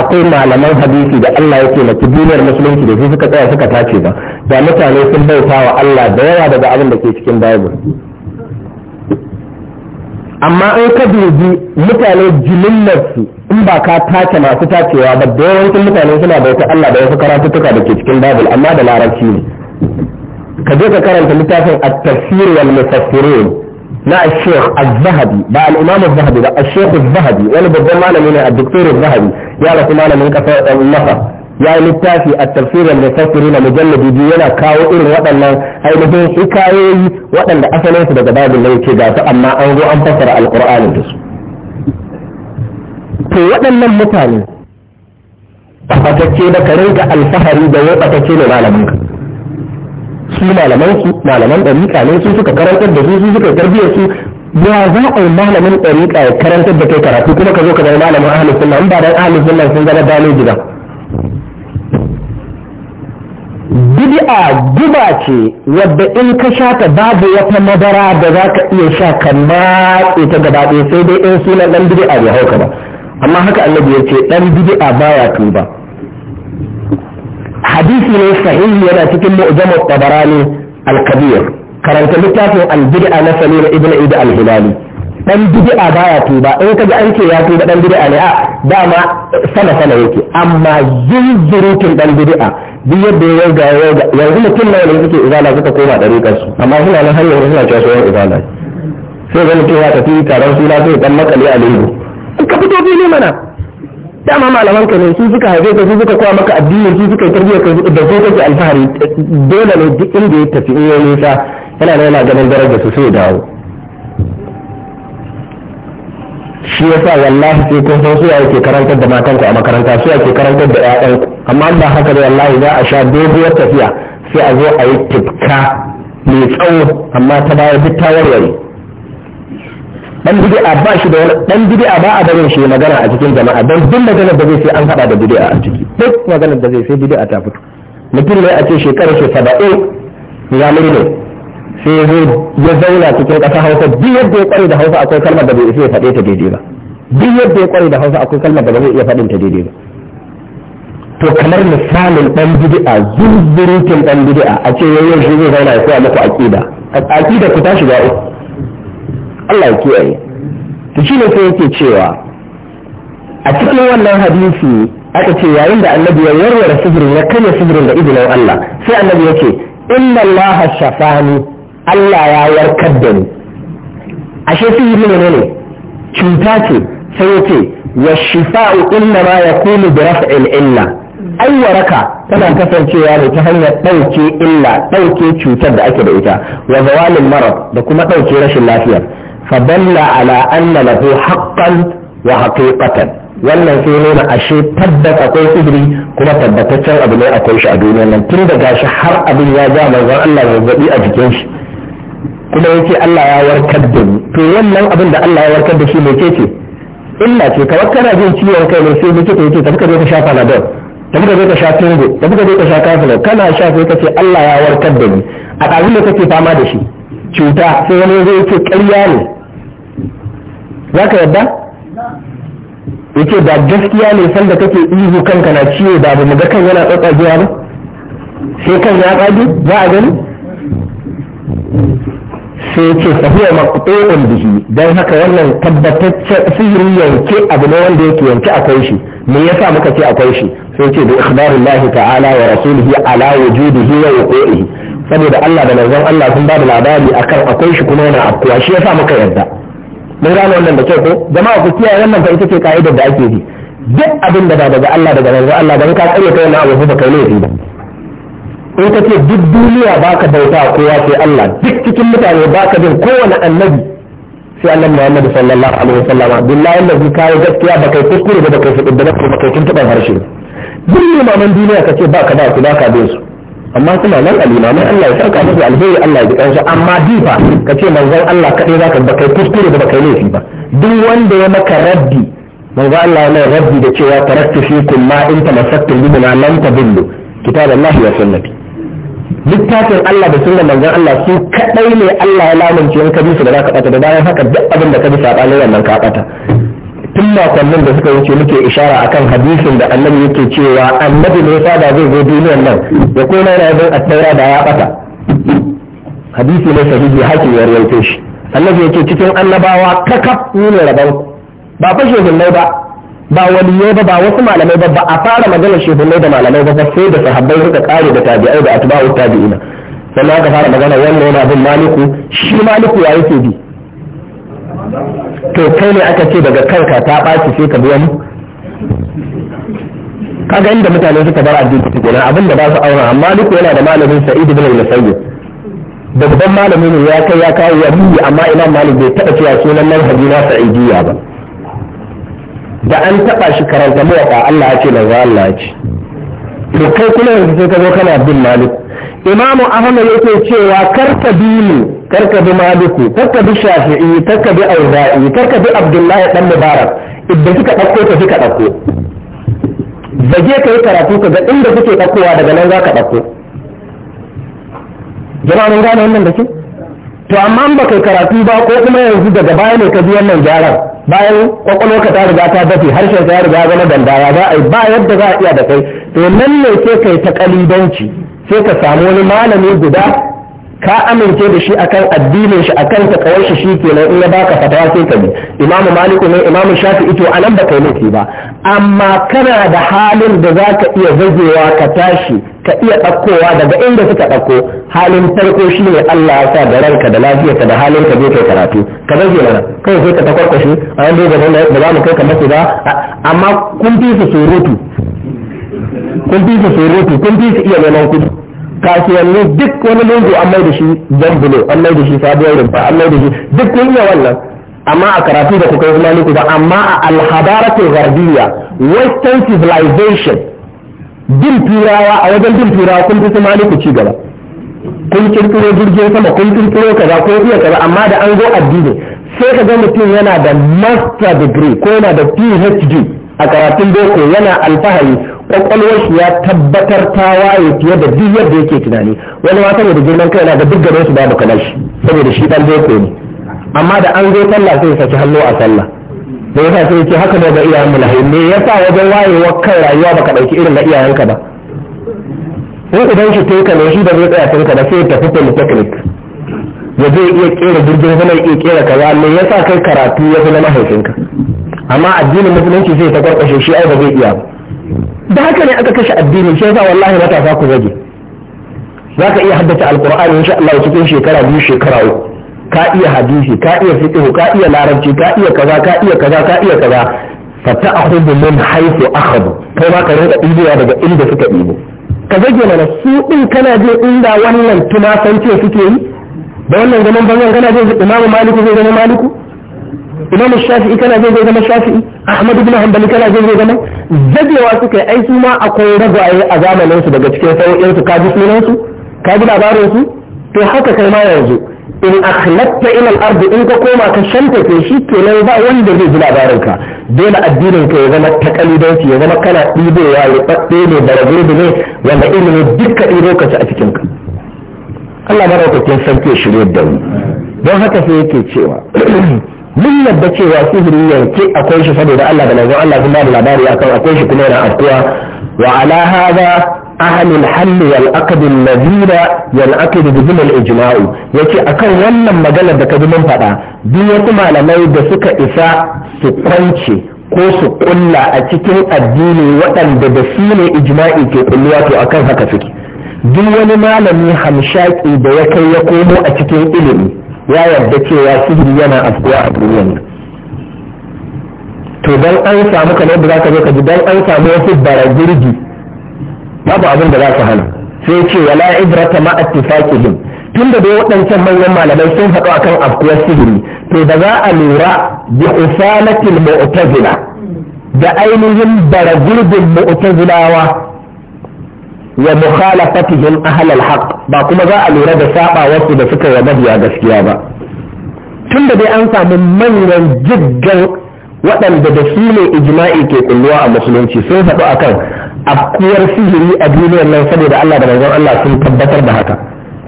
akwai malaman hadisi da Allah yake na duniyar musulunci da su suka tsaya suka tace ba da mutane sun bauta wa Allah da yawa daga abin da ke cikin bible amma in ka dubi mutane su in ba ka tace masu tacewa ba da yawancin mutane suna da wata Allah da wasu karatuttuka da ke cikin babul amma da larabci ne ka je ka karanta littafin at-tafsir wal mufassirin na al-sheikh az-zahabi ba al-imam az-zahabi ba al-sheikh az-zahabi wani babban malami ne a doktor az-zahabi ya rasu malamin kasar masar ya yi littafi a tafsirin da tafsiri na mujallar biyu yana kawo irin waɗannan ainihin hikayoyi waɗanda asalinsu daga babin da yake ga su amma an zo an fassara alƙur'anin da su to waɗannan mutane tabbatacce da ka rinka alfahari da wai tabbatacce ne malamin ka su malaman su malaman ɗariƙa ne su suka karantar da su su suka tarbiyyar su ya za a yi malamin ɗariƙa ya karantar da kai karatu kuma ka zo ka zama malamin ahalus sunna in ba dan ahalus sunna sun zama damiji ba bid'a guba ce wadda in ka sha ta babu wata madara da za ka iya sha ka matse ta gaba ɗaya sai dai in sunan ɗan bid'a bai hauka ba amma haka annabi ya ce ɗan bid'a baya tuba hadisi ne sahihi yana cikin mu'jamut tabarani al-kabir karanta littafin al-bid'a na salim ibn id al-hilali dan bid'a baya tuba in ka kaji an ce ya tuba dan bid'a ne a dama sana sana yake amma zunzurutun dan bid'a duk yadda ya yarda ya yarda yanzu mutum nawa ne suke izala suka koma dariƙar su amma suna nan har yanzu suna cewa su yan izala sai ga mutum ya tafi taron suna sai dan makale a lingo in ka fito fili mana dama malaman ka ne su suka haife ka su suka kwa maka addinin su suka tarbiyyar ka da su kake alfahari dole ne duk inda ya tafi in ya nisa yana da yana ganin darajar su sai dawo shi yasa wallahi sai kun san su yake karantar da matanku a makaranta su yake karantar da ƴaƴanku amma ba haka da wallahi za a sha doguwar tafiya sai a zo a yi tifka mai tsawo amma ta baya duk ta warware dan bid'a ba shi da dan bid'a ba a barin shi magana a cikin jama'a dan duk magana da zai sai an hada da bid'a a ciki duk maganar da zai sai bid'a ta fito mutum ne a ce shekarar shi 70 ya ne sai ya zauna cikin kasa hausa duk yadda ya kware da hausa akwai kalmar da bai ya fade ta daidai ba duk yadda ya kware da hausa akwai kalmar da zai iya fadin ta daidai ba to kamar misalin dan bid'a zuzzurutin dan bid'a a ce yau shi zai zauna ya koya muku aqida aqida ku tashi shiga uku Allah ya kiyaye to ne sai yake cewa a cikin wannan hadisi aka ce yayin da annabi ya warware sihirin ya kanya sihirin da izinin Allah sai annabi ya ce inna Allah shafani Allah ya warkar da ni ashe sihiri ne ne cuta ce sai ya ce wa shifa'u inna ma yakunu bi raf'il illa ai tana kasancewa ne ta hanyar ɗauke illa ɗauke cutar da ake da ita wa zawalin marar da kuma ɗauke rashin lafiyar fa dalla ala anna lahu haqqan wa haqiqatan wannan sai nuna ashe tabbas akwai kudiri kuma tabbataccen abu ne akwai shi a duniyar nan tun da gashi har abin ya ja manzon Allah ya zazzabi a jikin shi kuma yace Allah ya warkar da ni to wannan abin da Allah ya warkar da shi me ce illa ce kawai kana jin ciwon kai ne sai likita yake tafi ya je ka sha panadol da muka zo ka sha tungo da muka zo ka sha kafilo kana sha sai ka ce Allah ya warkar da ni a ɗazin da kake fama da shi cuta sai wani zai ce ƙarya ne za ka yadda ce da gaskiya ne sanda kake ihu kanka na ciwo da ba mu ga kan yana zuwa ba sai kan ya tsage za a gani sai ce fahiya maqtu'un bihi dan haka wannan tabbataccen sihiri yanke abu ne wanda yake yanke akwai shi me yasa muka ce akwai shi sai ce bi lahi ta'ala wa rasulihi ala wujudihi wa wuqu'ihi saboda Allah da manzon Allah sun bada labari akan akwai shi kuma yana afkuwa shi yasa muka yarda mun gane wannan da kyau ko jama'a ku kiyaye wannan fa ita ce ka'idar da ake bi duk abin da ba daga Allah daga manzon Allah dan ka kai wannan abu ba kai laifi ba in ka ce duk duniya ba ka bauta kowa sai Allah duk cikin mutane ba ka bin kowane annabi sai Allah muhammadu sallallahu alaihi wasallam billahi allazi yi gaskiya kai kuskure da baka fadi da baka tuntuban harshe duk limaman duniya ka ce ba baka da su ka bin su amma suna nan alimamai Allah ya sauka musu alheri Allah ya kansu amma difa ka ce manzon Allah kaɗai za ka ba kai kuskure da ba kai laifi ba duk wanda ya maka rabbi manzon Allah ya mai rabbi da cewa taraktu fikum ma in tamassaktum bima lam tadillu kitaballahi wa sunnati littafin Allah da sunan manzon Allah su kadai ne Allah ya lamunce in ka bi su da zaka bata da bayan haka duk abin da ka bi sabanin wannan ka bata tun makonnin da suka wuce muke ishara akan hadisin da annabi yake cewa annabi ne da zai zo duniyar nan ya koma yana yin attaura da ya bata hadisi ne sahihi hakin ya rawaito shi annabi yake cikin annabawa kakaf ne rabon ba fashe hinnai ba ba waliyai ba ba wasu malamai ba ba a fara maganar shehunai da malamai ba sai da sahabbai suka kare da tabi'ai da atba'u tabi'ina sannan aka fara magana wannan yana bin maliku shi maliku ya yake bi to kai ne aka ce daga kanka ta ɓaci sai ka biya mu kaga inda mutane suka bar addini su gona abin da ba su aura amma duk yana da malamin sa'id ibn al-musayyib babban malamin ne ya kai ya kawo ya biyu amma imam malik bai taɓa cewa sunan nan hadina sa'idiyya ba da an taba shi karanta mawaka Allah ya ce za Allah ya ce to kai kuma yanzu sai ka zo kana bin malik imamu ahmad yake cewa karka bi ni karka bi maliku karka bi shafi'i karka bi auza'i karka bi abdullahi dan mubarak idan kika dauko ka kika dauko zage ka yi karatu ka ga inda kuke daukowa daga nan za ka dauko Jama'an mun gane wannan da ke to amma ba kai karatu ba ko kuma yanzu daga baya ne ka bi wannan gyaran bayan kwakwalwa ta riga ta dafe harshen ya riga zama dandara za a yi ba yadda za a iya da kai to nan ne sai kai ta kalibanci sai ka samu wani malami guda ka amince da shi akan addinin shi akan takawar shi shi kenan in ya baka fatawa sai ka bi imamu maliku ne imamu shafi'i to anan ba kai laifi ba amma kana da halin da za ka iya zagewa ka tashi ka iya ɗaukowa daga inda suka ɗauko halin farko shi ne Allah ya sa da ranka da lafiyarka da halin ka je kai karatu ka zage mana kai sai ka takwarkwashe a yanda ya gaba da za mu kai ka masu ba amma kun fi su surutu kun fi su surutu kun fi su iya neman kudu kasuwanni duk wani lungu an mai da shi jambulo an mai da shi sabuwar rumfa an mai da shi duk kun yi wannan amma a karatu da kuka yi kuma niku ba amma a alhadaratul gharbiya western civilization bin turawa a wajen bin turawa kun fi kuma ku ci gaba kun kirkiro jirgin sama kun kirkiro kaza ko iya kaza amma da an zo addini sai ka ga mutum yana da master degree ko yana da phd a karatun boko yana alfahari kwakwalwar shi ya tabbatar ta waye fiye da duk yadda yake tunani wani ne da girman kai na da duk gare su babu kamar shi saboda shi dan boko ne amma da an zo sallah sai ya saki hannu a sallah da yasa sai ce haka ne ga iyayen mu lahi me yasa wajen wayewar kan rayuwa baka dauki irin na iyayenka ba ko idan shi yi ne shi da zai tsaya ka da sai ya tafi polytechnic ya zai iya kera jirgin sama ya iya kera kaza me yasa kai karatu ya fi na mahaifinka amma addinin musulunci sai ta karkashe shi ai ba zai iya ba da haka ne aka kashe addini shi yasa wallahi matasa ku rage za ka iya haddace alkur'ani insha Allah cikin shekara biyu shekara uku ka iya hadisi ka iya fiqh ka iya larabci ka iya kaza ka iya kaza ka iya kaza fa ta'khudhu min haythu akhadhu kai ma ka rinka ɗibowa daga inda suka ɗibo ka zage mana su din kana je inda wannan tunasance suke yi da wannan zaman bangan kana je imamu maliku zai zama maliku imam shafi'i kana zai zama shafi'i ahmad ibn hanbali kana zai zama zagewa suka yi ai su ma akwai ragwaye a zamanin su daga cikin sau'in su kaji sunan su kaji labarin su to haka kai ma yanzu in akhlatta ila al-ard in ka koma ka shanta ke shi nan ba wanda zai ji labarin ka dole addinin ka ya zama takalidanci ya zama kana ɗibowa ya fadde ne da rabe ne wanda ilimi dukkan ɗibo ka a cikin ka Allah madaukakin sarki ya shirye da mu don haka sai yake cewa mun yadda cewa sihiri yanke akwai shi saboda Allah da manzon Allah kuma da labari akan akwai shi kuma yana afkuwa wa ala hada ahlul hal wal aqd alladhina yanaqid bihim al ijma'u yace akan wannan magana da kaji faɗa duk wasu malamai da suka isa su kwance ko su kulla a cikin addini waɗanda da su ne ijma'i ke kulluwa to akan haka suke duk wani malami hamshaki da ya kai ya komo a cikin ilimi ya yarda cewa sihiri yana afkuwa a duniyar nan to dan an samu kamar da za ka zo ka ji dan an samu wasu baragirgi babu abin da za ka hana sai ce wala ibrata ma attifaqihim tunda dai waɗancan manyan malamai sun haɗu akan afkuwar sihiri to da za a lura bi usalatil mu'tazila da ainihin baragirgin mu'tazilawa wa mukhalafatihim ahlal haqq ba kuma za a lura da saba wasu da suka yi mabiya gaskiya ba tun da dai an samu manyan jiggan waɗanda da su ne ijma'i ke kulluwa a musulunci sun faɗo akan afkuwar sihiri a duniyar nan saboda Allah da manzon Allah sun tabbatar da haka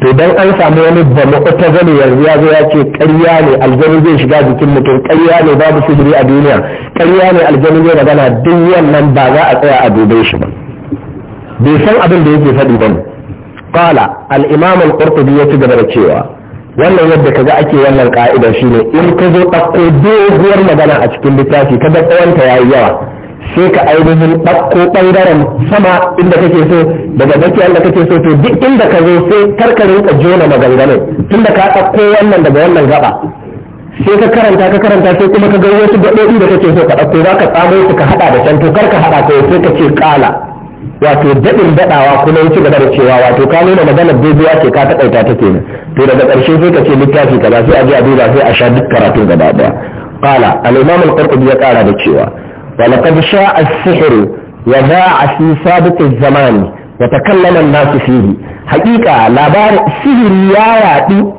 to dan an samu wani ba ta zane yanzu ya zo ya ce ƙarya ne aljanu zai shiga jikin mutum ƙarya ne babu sihiri a duniya ƙarya ne aljanu zai magana duk wannan ba za a tsaya a dube shi ba bai san abin da yake faɗi ba ne qala al-imam al-qurtubi ya ci gaba da cewa wannan yadda kaga ake wannan ka'idar shine in ka zo ɗauko doguwar magana a cikin littafi ka ga tsawonta yayi yawa sai ka ainihin ɗauko bangaren sama inda kake so daga tsakiyar da kake so to duk inda ka zo sai karkarin ka jona maganganun tunda ka ɗauko wannan daga wannan gaba sai ka karanta ka karanta sai kuma ka ga wasu gaɓoɓi da kake so ka ɗauko za ka tsamo su ka haɗa da can to kar ka haɗa kawai sai ka ce ƙala wato daɗin daɗawa kuma ya ci gaba da cewa wato ka nuna magana doguwa ce ka taƙaita ta kenan to daga ƙarshe sai ka ce littafi kaza sai a je a duba sai a sha duk karatun gaba ɗaya qala al-imam al-qurtubi ya ƙara da cewa wa laqad sha'a as-sihr wa za'a fi sabit az-zaman wa takallama an-nas fihi haqiqa labarin sihiri ya yaɗu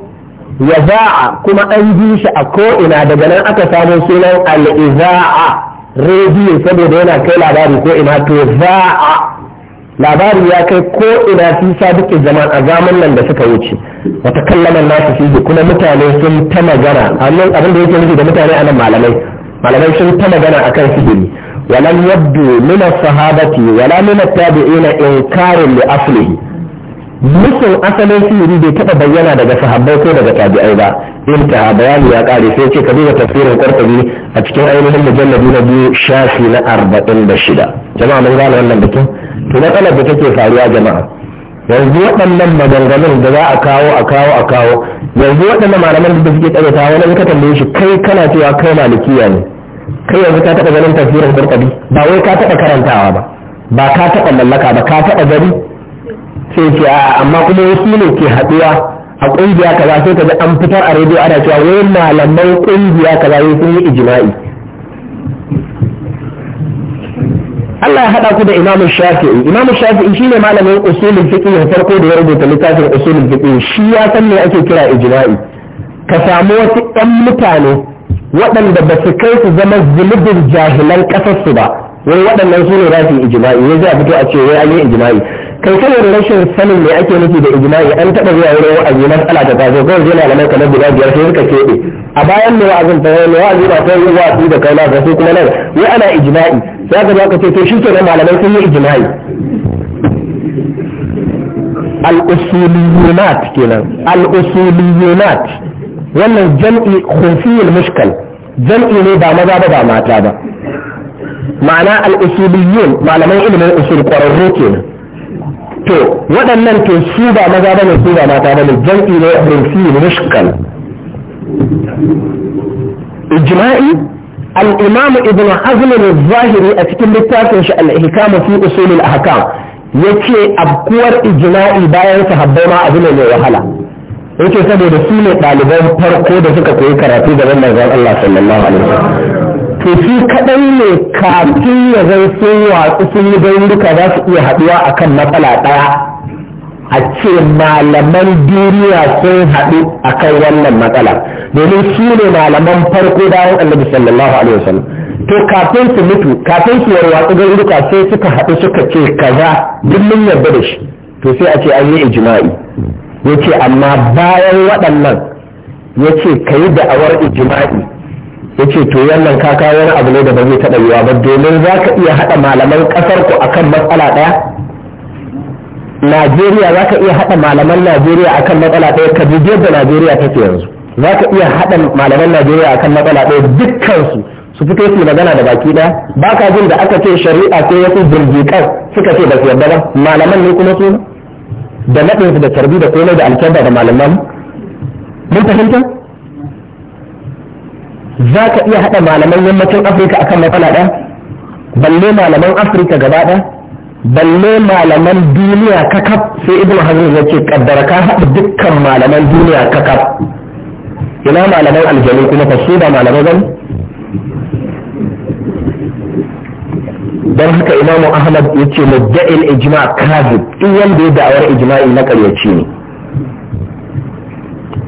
ya za'a kuma an ji shi a ko'ina daga nan aka samu sunan al-iza'a rediyo saboda yana kai labari ko ina to za a labari ya kai ko ina fi sabuke zaman a zaman nan da suka wuce wata kallaman nasu fi kuma mutane sun ta magana annan abin da yake nufi da mutane anan malamai malamai sun ta magana akan sihiri walam yabdu min sahabati wala min tabi'ina inkarin li aslihi musun asalin sihiri bai taba bayyana daga sahabbai ko daga tabi'ai ba inta bayani ya kare sai ce ka duba tafsirin a cikin ainihin mujalladi na biyu shafi na arba'in da shida jama'a mun gane wannan to matsalar da take faruwa jama'a yanzu waɗannan maganganun da za a kawo a kawo a kawo yanzu waɗannan malaman da suke tsare ta wani ka tambaye shi kai kana cewa kai malikiya ne kai yanzu ka taɓa ganin tafsirin ba wai ka taɓa karantawa ba ba ka taɓa mallaka ba ka taɓa gari sai ce a amma kuma wasu ne ke haɗuwa a ƙungiya kaza sai ka ji an fitar a rediyo ana cewa wai malaman kungiya kaza sai sun yi ijima'i. Allah ya haɗa ku da Imam Shafi'i Imam Shafi'i shine malamin usulul fiqh farko da ya rubuta littafin usulul fiqh shi ya san me ake kira ijma'i ka samu wasu ɗan mutane waɗanda ba su kai su zama zulubin jahilan ƙasarsu ba wai waɗannan su ne za su yi ijima'i ya a fito a ce wai an yi ijima'i kai saboda rashin sanin me ake nufi da ijma'i an taba zuwa wurin wa'azi mas'ala ta taso kawai sai malamai kamar guda biyar sai suka keɓe a bayan mai wa'azin ta mai wa'azi ba ta yi wa'azi da kaina ba sai kuma nan wai ana ijma'i sai ka ka ce to shi kenan malamai sun yi ijma'i al-usuliyunat kenan al-usuliyunat wannan jam'i khufiyul mushkal jam'i ne ba maza ba ba mata ba ma'ana al-usuliyun malaman ilimin usul kwararru kenan to waɗannan to su ba maza bane su ba mata bane jam'i ne rinsi mushkal ijma'i al-imam ibn hazm al-zahiri a cikin littafin shi al-ihkam fi usul al-ahkam yace abkuwar ijma'i bayan sahabbai ma abu ne mai wahala yace saboda su ne ɗaliban farko da suka koyi karatu da wannan Allah sallallahu alaihi wasallam to shi kaɗai ne kafin ya zai sun watsu sun yi bayyuka za su iya haɗuwa a kan matsala ɗaya a ce malaman duniya sun haɗu a kan wannan matsala domin shi ne malaman farko bayan annabi sallallahu alaihi wasallam to kafin su mutu kafin su warwatsu garuruka sai suka haɗu suka ce kaza duk mun yarda da shi to sai a ce an yi ijma'i yace amma bayan waɗannan yace kai da awar ijma'i yace to wannan ka kawo wani abu ne da ba zai taɓa yiwa ba domin za ka iya haɗa malaman ƙasar ku akan matsala ɗaya Najeriya za ka iya haɗa malaman Najeriya akan matsala ɗaya ka dubi yadda Najeriya take yanzu za ka iya haɗa malaman Najeriya akan matsala ɗaya dukkansu su fito su magana da baki ɗaya ba ka jin da aka ce shari'a ko wasu birgikan suka ce ba su yarda ba malaman ne kuma su da naɗinsu da tarbi da komai da alkyanda da malaman mun fahimta za ka iya haɗa malaman yammacin afirka kan matsala ɗaya balle malaman afirka gaba ɗaya balle malaman duniya kakaf sai ibn hazm ya ce kaddara ka haɗa dukkan malaman duniya kakaf ina malaman aljanu kuma fa su ba malaman zan don haka imamu ahmad ya ce mudda'il ijma' kazi duk wanda ya da'awar ijma'i na ƙaryaci ne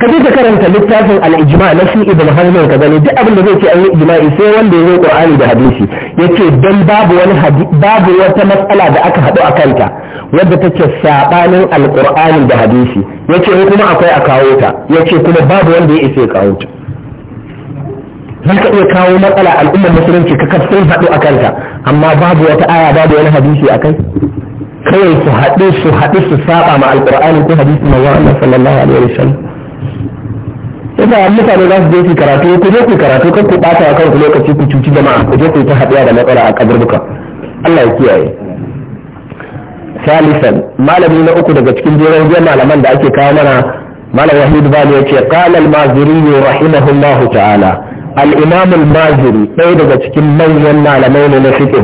ka je ka karanta littafin al-ijma na shi ibn hazm ka gani duk abin da zai ce an yi ijma'i sai wanda ya zo qur'ani da hadisi yace dan babu wani babu wata matsala da aka hadu akan ta wadda take sabanin al-qur'ani da hadisi yace in kuma akwai a kawo ta yace kuma babu wanda ya isa ya kawo ta Zan ka iya kawo matsala al'ummar musulunci ka kafin haɗu a kanta amma babu wata aya babu wani hadisi a kai kawai su haɗu su haɗu su saba ma Al-Qur'ani ko hadisi na Allah sallallahu alaihi wasallam yasa mutane za su je su karatu ku je ku karatu kan ku bata kan ku lokaci ku cuci jama'a ku je ku ta haɗuwa da matsala a duka Allah ya kiyaye salisan malami na uku daga cikin jerin jiya malaman da ake kawo mana malam wahid bani ya ce qala al-maziri rahimahullahu ta'ala al-imam al-maziri ɗaya daga cikin manyan malamai ne na fiqh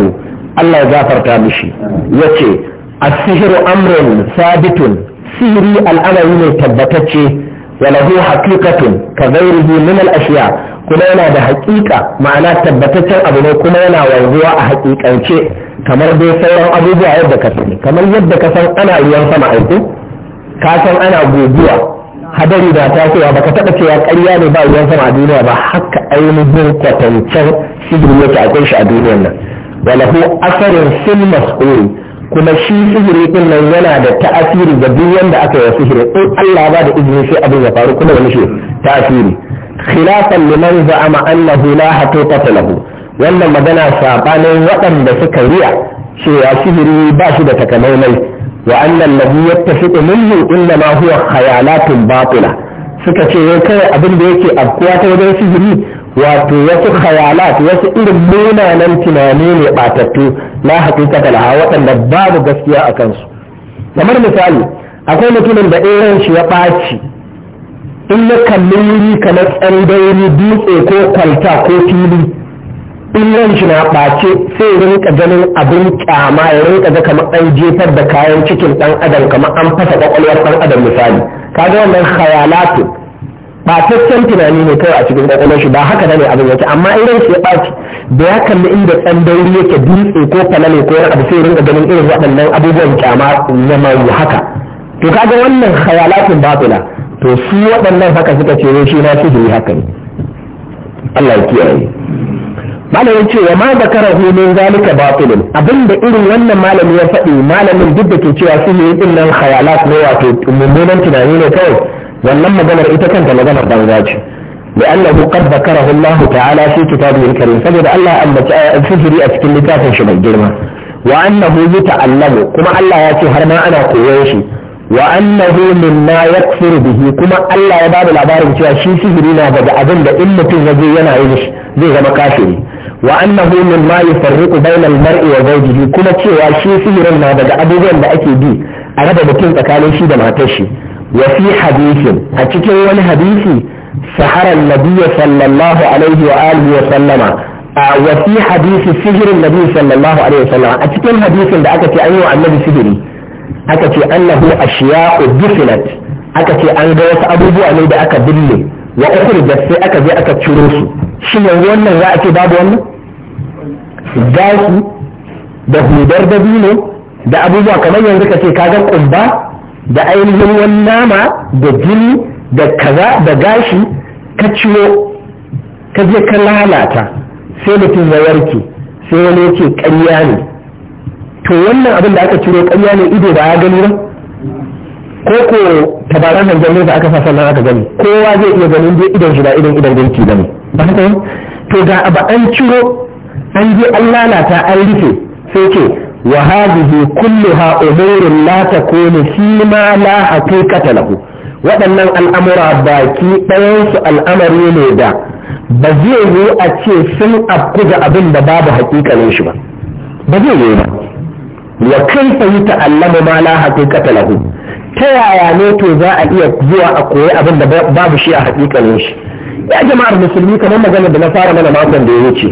Allah ya gafarta mishi yace as-sihru amrun sabitun sihiri al'amari ne tabbatacce وله حقيقة كغيره من الأشياء كما ينا ده حقيقة معنى تبتتا أبنو كما ينا وضوء حقيقة شيء كما دي سيرا أبو جاء يدك سني كما يدك سن أنا اليوم سمعت كاسن أنا بوبوا hadari da ta cewa baka taba cewa ƙarya ne ba ruwan sama a duniya ba haka ainihin kwatancen sigiri yake akwai shi a duniyar nan walahu asarin fil mas'ul kuma shi sihiri din nan yana da ta'asiri ga duk wanda aka yi sihiri in Allah ba da izini sai abin ya faru kuma ya mishi ta'asiri khilafan liman za'ama annahu la hatata lahu wannan magana sabanin waɗanda suka riya cewa sihiri ba shi da takamaimai wa annan ladhi yattafiqu minhu inna ma huwa khayalatun batila suka ce kai abin da yake afkuwa ta wajen sihiri wato wasu khayalat wasu irin munanan tunani ne batattu na hakikatar ha waɗanda babu gaskiya a kansu kamar misali akwai mutumin da irin shi ya ɓaci in ya kalli wuri kamar tsandauri dutse ko kwalta ko fili in shi na ɓace sai rinka ganin abin kyama ya rinka ga kamar an jefar da kayan cikin ɗan adam kamar an fasa ƙwaƙwalwar ɗan adam misali kaga wannan khayalatu ɓataccen tunani ne kawai a cikin kwakwalwar shi ba haka ne abin yake amma in ran shi ya baci da ya kalli inda tsandauri yake dutse ko falale ko wani abu sai rinka ganin irin waɗannan abubuwan kyama na mai haka to kaga wannan khayalatin batila to su waɗannan haka suka ce ne shi na sihiri haka ne Allah ya kiyaye malamin ce wa ma zakara hu zalika bafilin. abinda irin wannan malami ya faɗi malamin duk da ke cewa sihiri din nan khayalat ne wato mummunan tunani ne kawai wannan maganar ita kanta maganar banza ce لأنه قد ذكره الله تعالى في كتابه الكريم فجد الله أن الفجري أتكلم لتافه شبه جرمه وأنه يتعلم كما الله يأتي هرما أنا قويشي وأنه مما يكفر به كما الله يباب العبارة بتوع شي سهرنا بدا أظن إن تنزي ينعيش زي زي مكافري وأنه مما يفرق بين المرء وزوجه كما تشوى شي سهرنا بدا أبو زين بأكي بي أنا بدا كنت كالي شي دمعتشي wa fi a cikin wani hadisi sahara nabiy sallallahu alaihi wa wa sallama a wa hadisi sihirin nabiy sallallahu alaihi wa sallama a cikin hadisin da aka ce an yi wa annabi sihiri aka ce annahu ashiya'u dufinat aka ce an ga wasu abubuwa ne da aka bille wa ukhrijat sai aka je aka ciro su shin yanzu wannan za ce babu wannan gasi da hudar dabino da abubuwa kamar yanzu ka ce kumba da ainihin wani nama da jini da kaza da gashi ka ciwo ka je ka lalata sai mutum ya warke sai wani yake ƙarya ne to wannan abin da aka ciro ƙarya ne ido ba ya gani ba ko ko tabaran hangen da aka sa sannan aka gani kowa zai iya ganin dai idon shi ba idon idon gunki ba ne ba haka to ga abu an ciro an je an lalata an rufe sai ke wa hadhihi kulluha umurun la takunu ma la haqiqata lahu waɗannan al'amura baki ɗayansu al'amari ne da ba zai yi a ce sun afku da abin da babu haƙiƙanin shi ba ba zai yi ba wa kai yi ta'allama ma la haƙiƙata lahu ta yaya ne za a iya zuwa a koyi abin da babu shi a haƙiƙanin shi ya jama'ar musulmi kamar maganar da na fara mana makon da ya wuce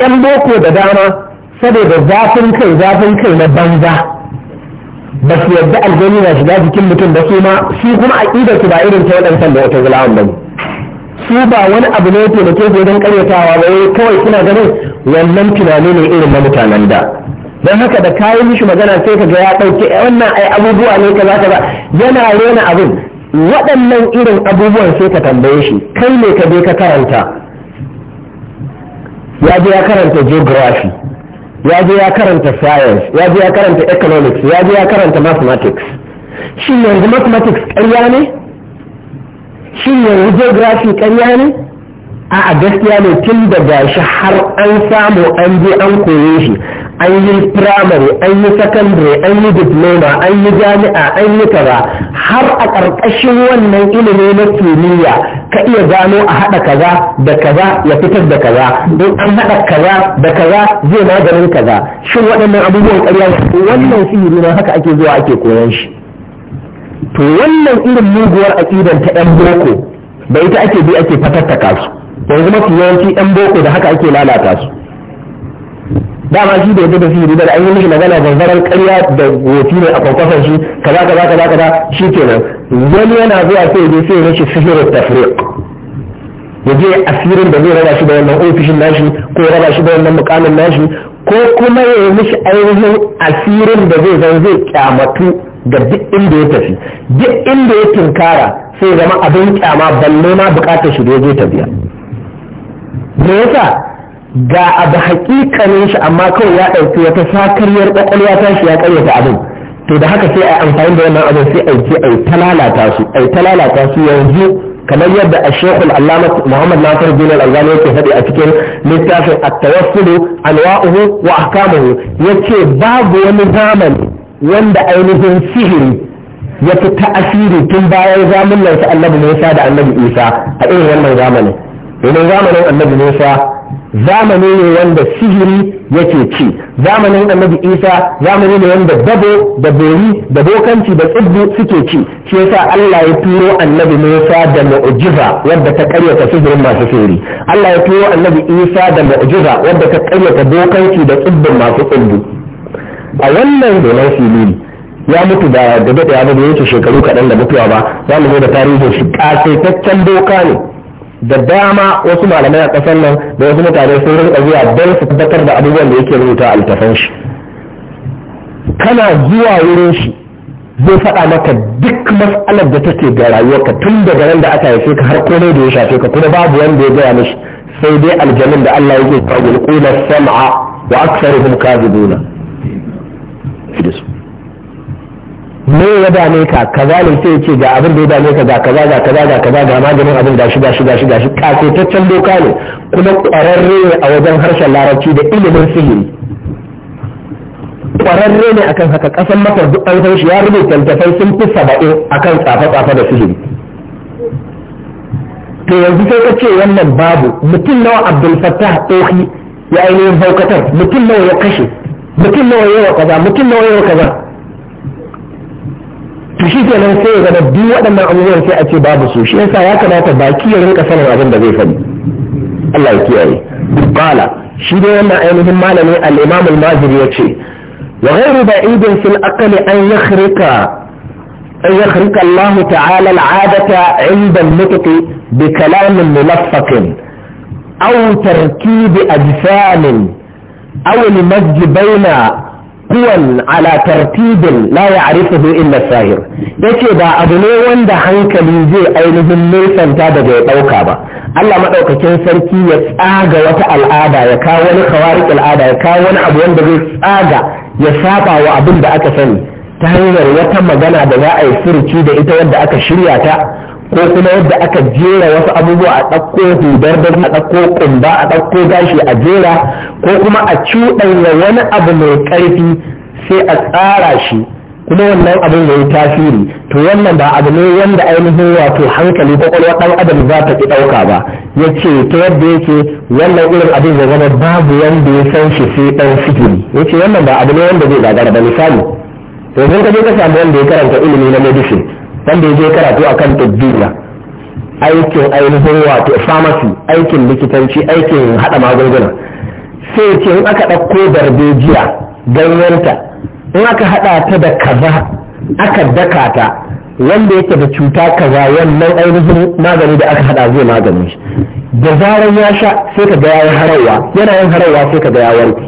yan boko da dama saboda zafin kai zafin kai na banza ba su yadda aljani na shiga jikin mutum ba su ma su kuma aƙidar su ba irin ta waɗansan da wata zulawan ba ne su ba wani abu ne taimake su don ƙaryatawa ba kawai suna ganin wannan tunani ne irin na mutanen da don haka da kayan mishi magana sai ka ga ya ɗauke eh, wannan ai abubuwa ne kaza kaza yana rena abin waɗannan irin abubuwan sai ka tambaye shi kai ne ka je ka karanta ya je ya karanta geography ya je ya karanta science ya je ya karanta economics ya je ya karanta mathematics shin yanzu mathematics ƙarya ne shin yanzu geography ƙarya ne a gaskiya ne tun daga shi har an samu an je an koye shi an yi firamare an yi sakandare an yi diploma an yi jami'a an yi kaza har a ƙarƙashin wannan ilimi na kimiyya ka iya gano a haɗa kaza da kaza ya fitar da kaza don an haɗa kaza da kaza zai maganin kaza shin waɗannan abubuwan ƙarya wannan sihiri na haka ake zuwa ake koyan shi to wannan irin muguwar aƙidan ta ɗan boko da ita ake bi ake fatattaka su yanzu mafi yawanci ɗan boko da haka ake lalata su dama shi da yadda da sihiri da an yi mishi magana zanzaran karya da wofi ne a kwankwasan shi kaza kaza kaza kaza shi kenan wani yana zuwa sai je sai rashin sihirin tafriq ya je asirin da zai raba shi da wannan ofishin nashi ko raba shi da wannan mukamin nashi ko kuma ya mishi ainihin asirin da zai zan zai kyamatu da duk inda ya tafi duk inda ya tunkara sai zama abin kyama balle ma bukatar shi da ya je tafiya me yasa ga abu hakikanin shi amma kawai ya ɗauki wata sakaryar kwakwalwa ta shi ya karyata abin to da haka sai a amfani da wannan abin sai aiki ai ta lalata su ai ta lalata su yanzu kamar yadda a shekul allama muhammad nasir bin al yake faɗi a cikin littafin at-tawassulu anwa'uhu wa ahkamuhu yace babu wani zamani wanda ainihin sihiri ya fi ta'asiri tun bayan zamanin annabi Musa da annabi Isa a irin wannan zamanin domin zamanin annabi Musa zamani ne wanda sihiri yake ci zamanin annabi isa zamani ne wanda dabo da bori da bokanci da tsibbu suke ci shi yasa allah ya turo annabi musa da mu'jiza wadda ta karyata sihirin masu sihiri allah ya turo annabi isa da mu'jiza wadda ta karyata bokanci da tsibbin masu tsibbu a wannan gonar filili ya mutu da da daɗe ya yake shekaru kaɗan da mutuwa ba za mu zo da tarihin shi ƙasaitaccen doka ne da dama wasu malamai a kasar nan da wasu mutane sun rinka zuwa don su tabbatar da abubuwan da yake rubuta a littafan shi kana zuwa wurin shi zai faɗa maka duk matsalar da take ga rayuwarka tun daga nan da aka haife ka har komai da ya shafe ka kuma babu wanda ya gaya mishi sai dai aljanun da Allah yake kawo yulquna sam'a wa aktsaruhum kadhibuna me ya dame ka kaza ne sai ce ga abin da ya dame ka ga kaza ga kaza ga kaza ga maganin abin gashi gashi gashi gashi kasaitaccen doka ne kuma ƙwararre ne a wajen harshen larabci da ilimin sihiri ƙwararre ne akan haka kasan masar duk an san shi ya rubuta littattafai sun fi saba'in akan tsafa tsafa da sihiri to yanzu sai ka ce wannan babu mutum nawa abdul fattah tsohi ya ainihin haukatar mutum nawa ya kashe mutum nawa ya yi wa kaza mutum nawa ya yi wa kaza to shi kenan sai ya zama duk waɗannan abubuwan sai a ce babu su shi yasa ya kamata baki ya rinka sanin abin da zai faɗi Allah ya kiyaye qala shi dai wannan ainihin malami al-Imam al-Maziri yace wa ghayru ba'idin fil aqli an yakhrika an yakhrika Allah ta'ala al-'adata 'inda al-nutq bi kalam mulaffaq aw tarkib ajsam aw al-majj bayna huwan ala tartibin la ya'rifuhu illa sahir yace ba abu ne wanda hankali zai ainihin nesanta daga ya ɗauka ba Allah maɗaukakin sarki ya tsaga wata al'ada ya kawo wani khawarij al'ada ya kawo wani abu wanda zai tsaga ya saba wa abin da aka sani ta hanyar wata magana da za a yi furuci da ita wanda aka shirya ta ko kuma yadda aka jera wasu abubuwa a ɗauko hudar da a ɗauko kumba a ɗauko gashi a jera ko kuma a cuɗanya wani abu mai ƙarfi sai a tsara shi kuma wannan abin ya yi tasiri to wannan ba abu ne wanda ainihin wato hankali kwakwalwa ɗan adam za ta ki ɗauka ba ya ce ta yadda yake wannan irin abin ya zama babu wanda ya san shi sai ɗan sihiri ya ce wannan ba abu ne wanda zai gagara ba misali yanzu ka je ka samu wanda ya karanta ilimi na medicine wanda ya je karatu akan tabbiyya aikin ainihin wato famasi aikin likitanci aikin hada magunguna sai ce in aka ɗauko darbejiya ganyenta in aka hada ta da kaza aka daka ta wanda yake da cuta kaza wannan ainihin magani da aka hada zai magani shi da zarar ya sha sai ka ga yayin harawa yana yin harawa sai ka ga ya warke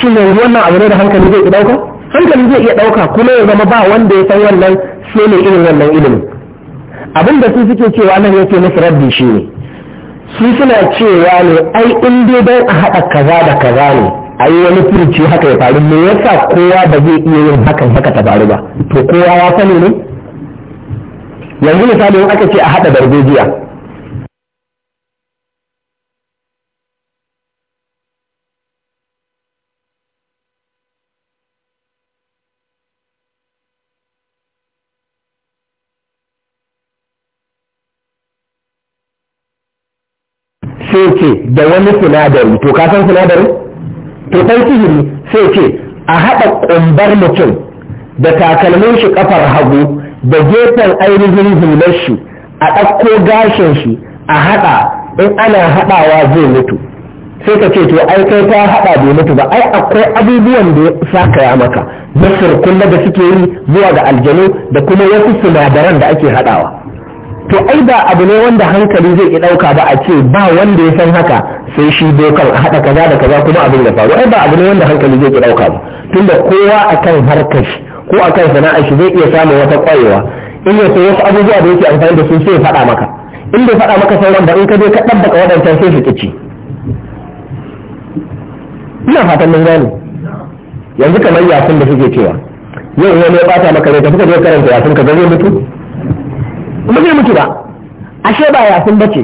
shin yanzu wannan abu ne da hankali zai ki dauka hankali zai iya ɗauka kuma ya zama ba wanda ya san wannan sai mai irin wannan ilimin abin da su suke cewa nan yake musu rabbi shi ne su suna cewa ne ai in dai don a haɗa kaza da kaza ne a yi wani furuci haka ya faru me yasa kowa ba zai iya yin hakan haka ta faru ba to kowa ya sani ne yanzu misali in aka ce a haɗa darbejiya sai ce da wani sinadari to ka san sinadari to ɗan sihiri sai ce a haɗa ƙumbar mutum da takalmin shi ƙafar hagu da gefen ainihin hular shi a ɗauko gashin shi a haɗa in ana haɗawa zai mutu sai ka ce to ai kai ta haɗa bai mutu ba ai akwai abubuwan da sa kaya maka na sirkulla da suke yi zuwa ga aljanu da kuma wasu sinadaran da ake haɗawa to ai ba abu ne wanda hankali zai iya ɗauka ba a ce ba wanda ya san haka sai shi dokar a haɗa kaza da kaza kuma abin da faru ai ba abu ne wanda hankali zai iya ɗauka ba tunda kowa akan harkar shi ko akan sana'ar shi zai iya samun wata ƙwarewa in ya so wasu abubuwa da yake amfani da su sai ya faɗa maka in bai faɗa maka sauran ba in ka je ka ɗabbaka waɗancan sai su kici ina fatan mun gane yanzu kamar yasin da suke cewa yau wani ya ɓata maka ne ka fuka je karanta yasin ka ga zai mutu kuma zai mutu ba ashe ba sun bace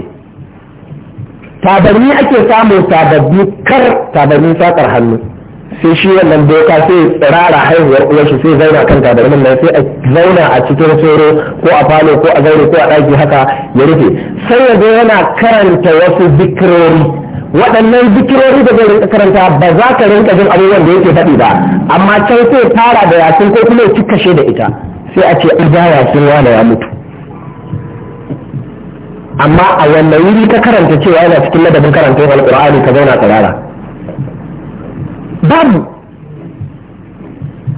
tabarni ake samun sababbi kar tabarni sakar hannu sai shi wannan doka sai tsirara haihuwar uwarshi sai zauna kan tabarnin nan sai a zauna a cikin tsoro ko a falo ko a zaure ko a ɗaki haka ya rufe sai ya zo yana karanta wasu zikirori waɗannan zikirori da zai rinka karanta ba za ka rinka jin abubuwan da yake faɗi ba amma can sai fara da yasin ko kuma ya ci kashe da ita sai a ce an ba yasin wane ya mutu amma a wannan wuri ta karanta cewa yana cikin ladabin karantar Alƙur'ani ka zauna tsirara babu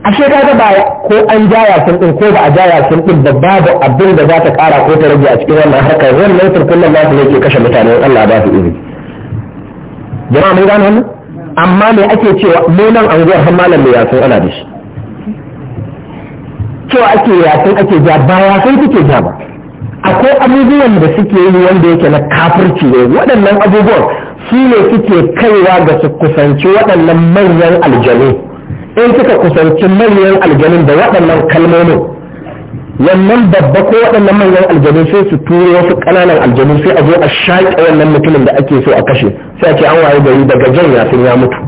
ashe ka ga baya ko an ja yasin din ko ba a ja yasin din da babu abin da za ta ƙara ko ta rage a cikin wannan harkar wannan turkunan nasu ne ke kashe mutane Allah ba su izini jama'a mun gane wannan amma me ake cewa mu nan anguwar har malam mai yasin ana da shi cewa ake yasin ake ja ba yasin kuke ja ba akwai abubuwan da suke yi wanda yake na kafirci ne waɗannan abubuwan su ne suke kaiwa ga su kusanci waɗannan manyan aljanu in suka kusanci manyan aljanun da waɗannan kalmomi wannan babba ko waɗannan manyan aljanu sai su turo wasu ƙananan aljanu sai a zo a shaƙe wannan mutumin da ake so a kashe sai a ce an waye gari daga jan sun ya mutu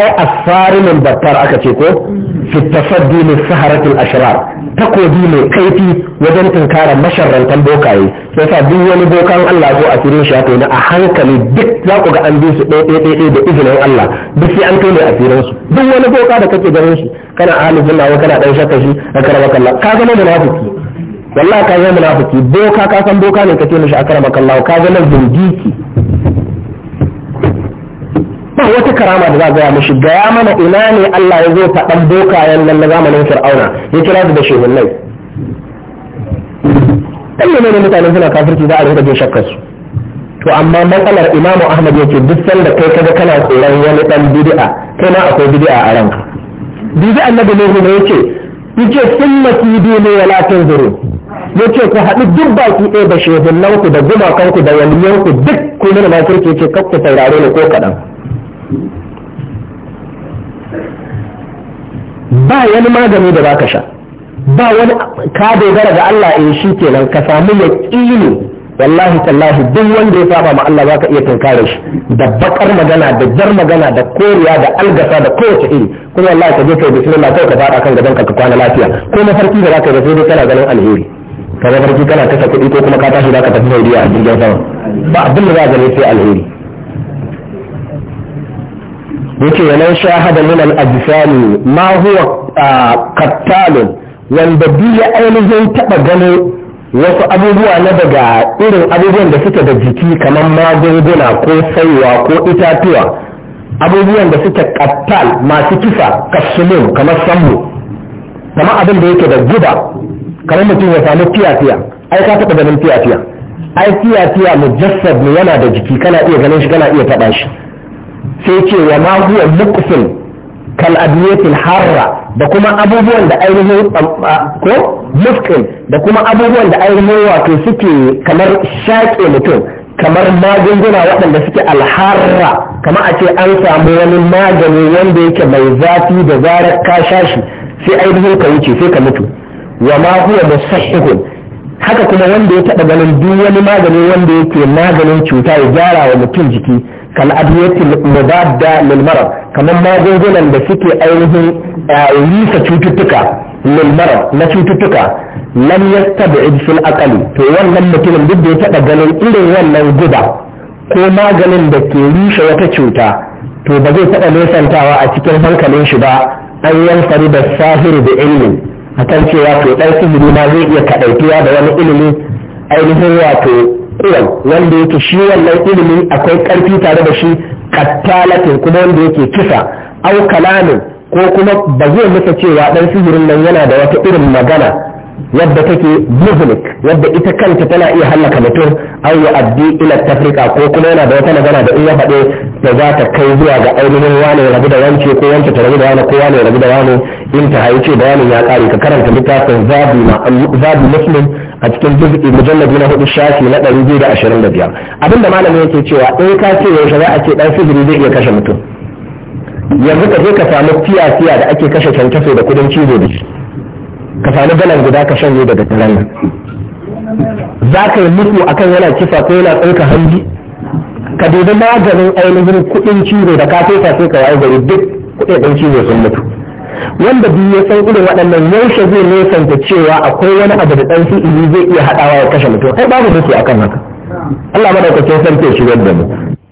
ai asfarimin battar aka ce ko fi tasaddi min saharatul ashrar takobi mai kaifi wajen tunkarar masharrantar bokaye sai sa duk wani bokan Allah ko a firin shafe na a hankali duk za ku ga an bi su ɗaya da izinin Allah duk sai an tone a firin su duk wani boka da kake ganin shi kana ahalin sunna ko kana dan shakka shi ka karama kallah ka zama munafiki wallahi ka zama munafiki boka ka san boka ne kake mishi a karama kallah ka zama zindiki wata karama da za gaya mishi gaya mana ina ne Allah ya zo faɗan bokayen nan na zamanin fir'auna ya kira su da nai dan ne ne mutane suna kafirci za a rika jin shakkar to amma matsalar imamu ahmad yake duk sanda kai kaga kana tsoron wani dan bid'a kai ma akwai bid'a a ranka bid'a annabi ne ne yake yace summa ya wala tanzuru yace ku haɗu duk baki ɗaya da ku da gumakanku da ku duk ku nuna makirci yake kakku saurare ne ko kaɗan ba wani magani da baka sha ba wani ka dogara ga Allah in eh, shi kenan ka samu yaqini wallahi tallahi duk wanda ya saba ma Allah zaka iya tunkare shi da bakar magana da jar magana da koriya da algasa da kowace iri kuma wallahi ka je kai bismillah kai ka fada kan gaban ka ka kwana lafiya ko mafarki da zaka yi sai dai kana ganin alheri ka mafarki kana kasa kuɗi ko kuma ka tashi zaka tafi Saudiya a jirgin sama ba abin da za ka gani sai alheri yake walau shahada min al-ajsami ma huwa qattalun wanda duk ya ainihin taba gano wasu abubuwa na daga irin abubuwan da suke da jiki kamar magunguna ko saiwa ko itatuwa abubuwan da suke kattal masu kisa kasumun kamar sambo kamar abin da yake da guba kamar mutum ya samu fiya-fiya ai ka taba ganin fiya-fiya ai fiya-fiya mujassad ne yana da jiki kana iya ganin shi kana iya taɓa shi sai ce wa ma huwa muqsil kal adiyatil harra da kuma abubuwan da ainihin ko mufkin da kuma abubuwan da ainihin wato suke kamar shaƙe mutum kamar magunguna waɗanda suke alharra kamar a ce an samu wani magani wanda yake mai zafi da zarar ka sha shi sai ainihin ka wuce sai ka mutu wa ma huwa musahihun haka kuma wanda ya taɓa ganin duk wani magani wanda yake maganin cuta ya gyara wa mutum jiki kal adiyatil mubadda lil marad kamar magungunan da suke ainihin eh, risa cututtuka lil marad na cututtuka lam yastab'id fil aqali to wannan mutumin duk da taɗa ganin irin wannan guba ko maganin da ke rushe wata cuta to ba zai taba nesantawa a cikin hankalin shi ba an yansari da sahiru da ilmi akan cewa to ɗan sihiri ma zai iya kaɗaituwa da wani ilimi ainihin wato iwan wanda yake shi wannan ilimi akwai karfi tare da shi kattalatin kuma wanda yake kisa au kalamin ko kuma ba zai masa cewa dan sihirin nan yana da wata irin magana yadda take muzlik yadda ita kanta tana iya hallaka mutum an ya addi ila tafrika ko kuma yana da wata magana da in ya faɗe da za ta kai zuwa ga ainihin wane ya rabu da wance ko wance ta rabu da wane ko wane ya rabu da wane in ta haice da wani ya kare ka karanta littafin zabi muslim a cikin juz'i biyu na hudu shafi na ɗari biyu da ashirin da biyar abinda malamin yake cewa in ka ce yaushe za a ce ɗan sihiri zai iya kashe mutum yanzu ka je ka samu fiya-fiya da ake kashe kyankyaso da kudin cizo da shi ka samu galan guda ka shanye daga tiran nan za ka yi mutu kan yana kifa ko yana tsinka hanji ka dubi maganin ainihin kudin cizo da ka fesa sai ka waye gari duk kudin cizo sun mutu wanda biyu ya san irin waɗannan yaushe zai nesanta cewa akwai wani abu da ɗan fi'ili zai iya haɗawa ya kashe mutum kai babu duki akan haka Allah madaukakin sarki ya shigar da mu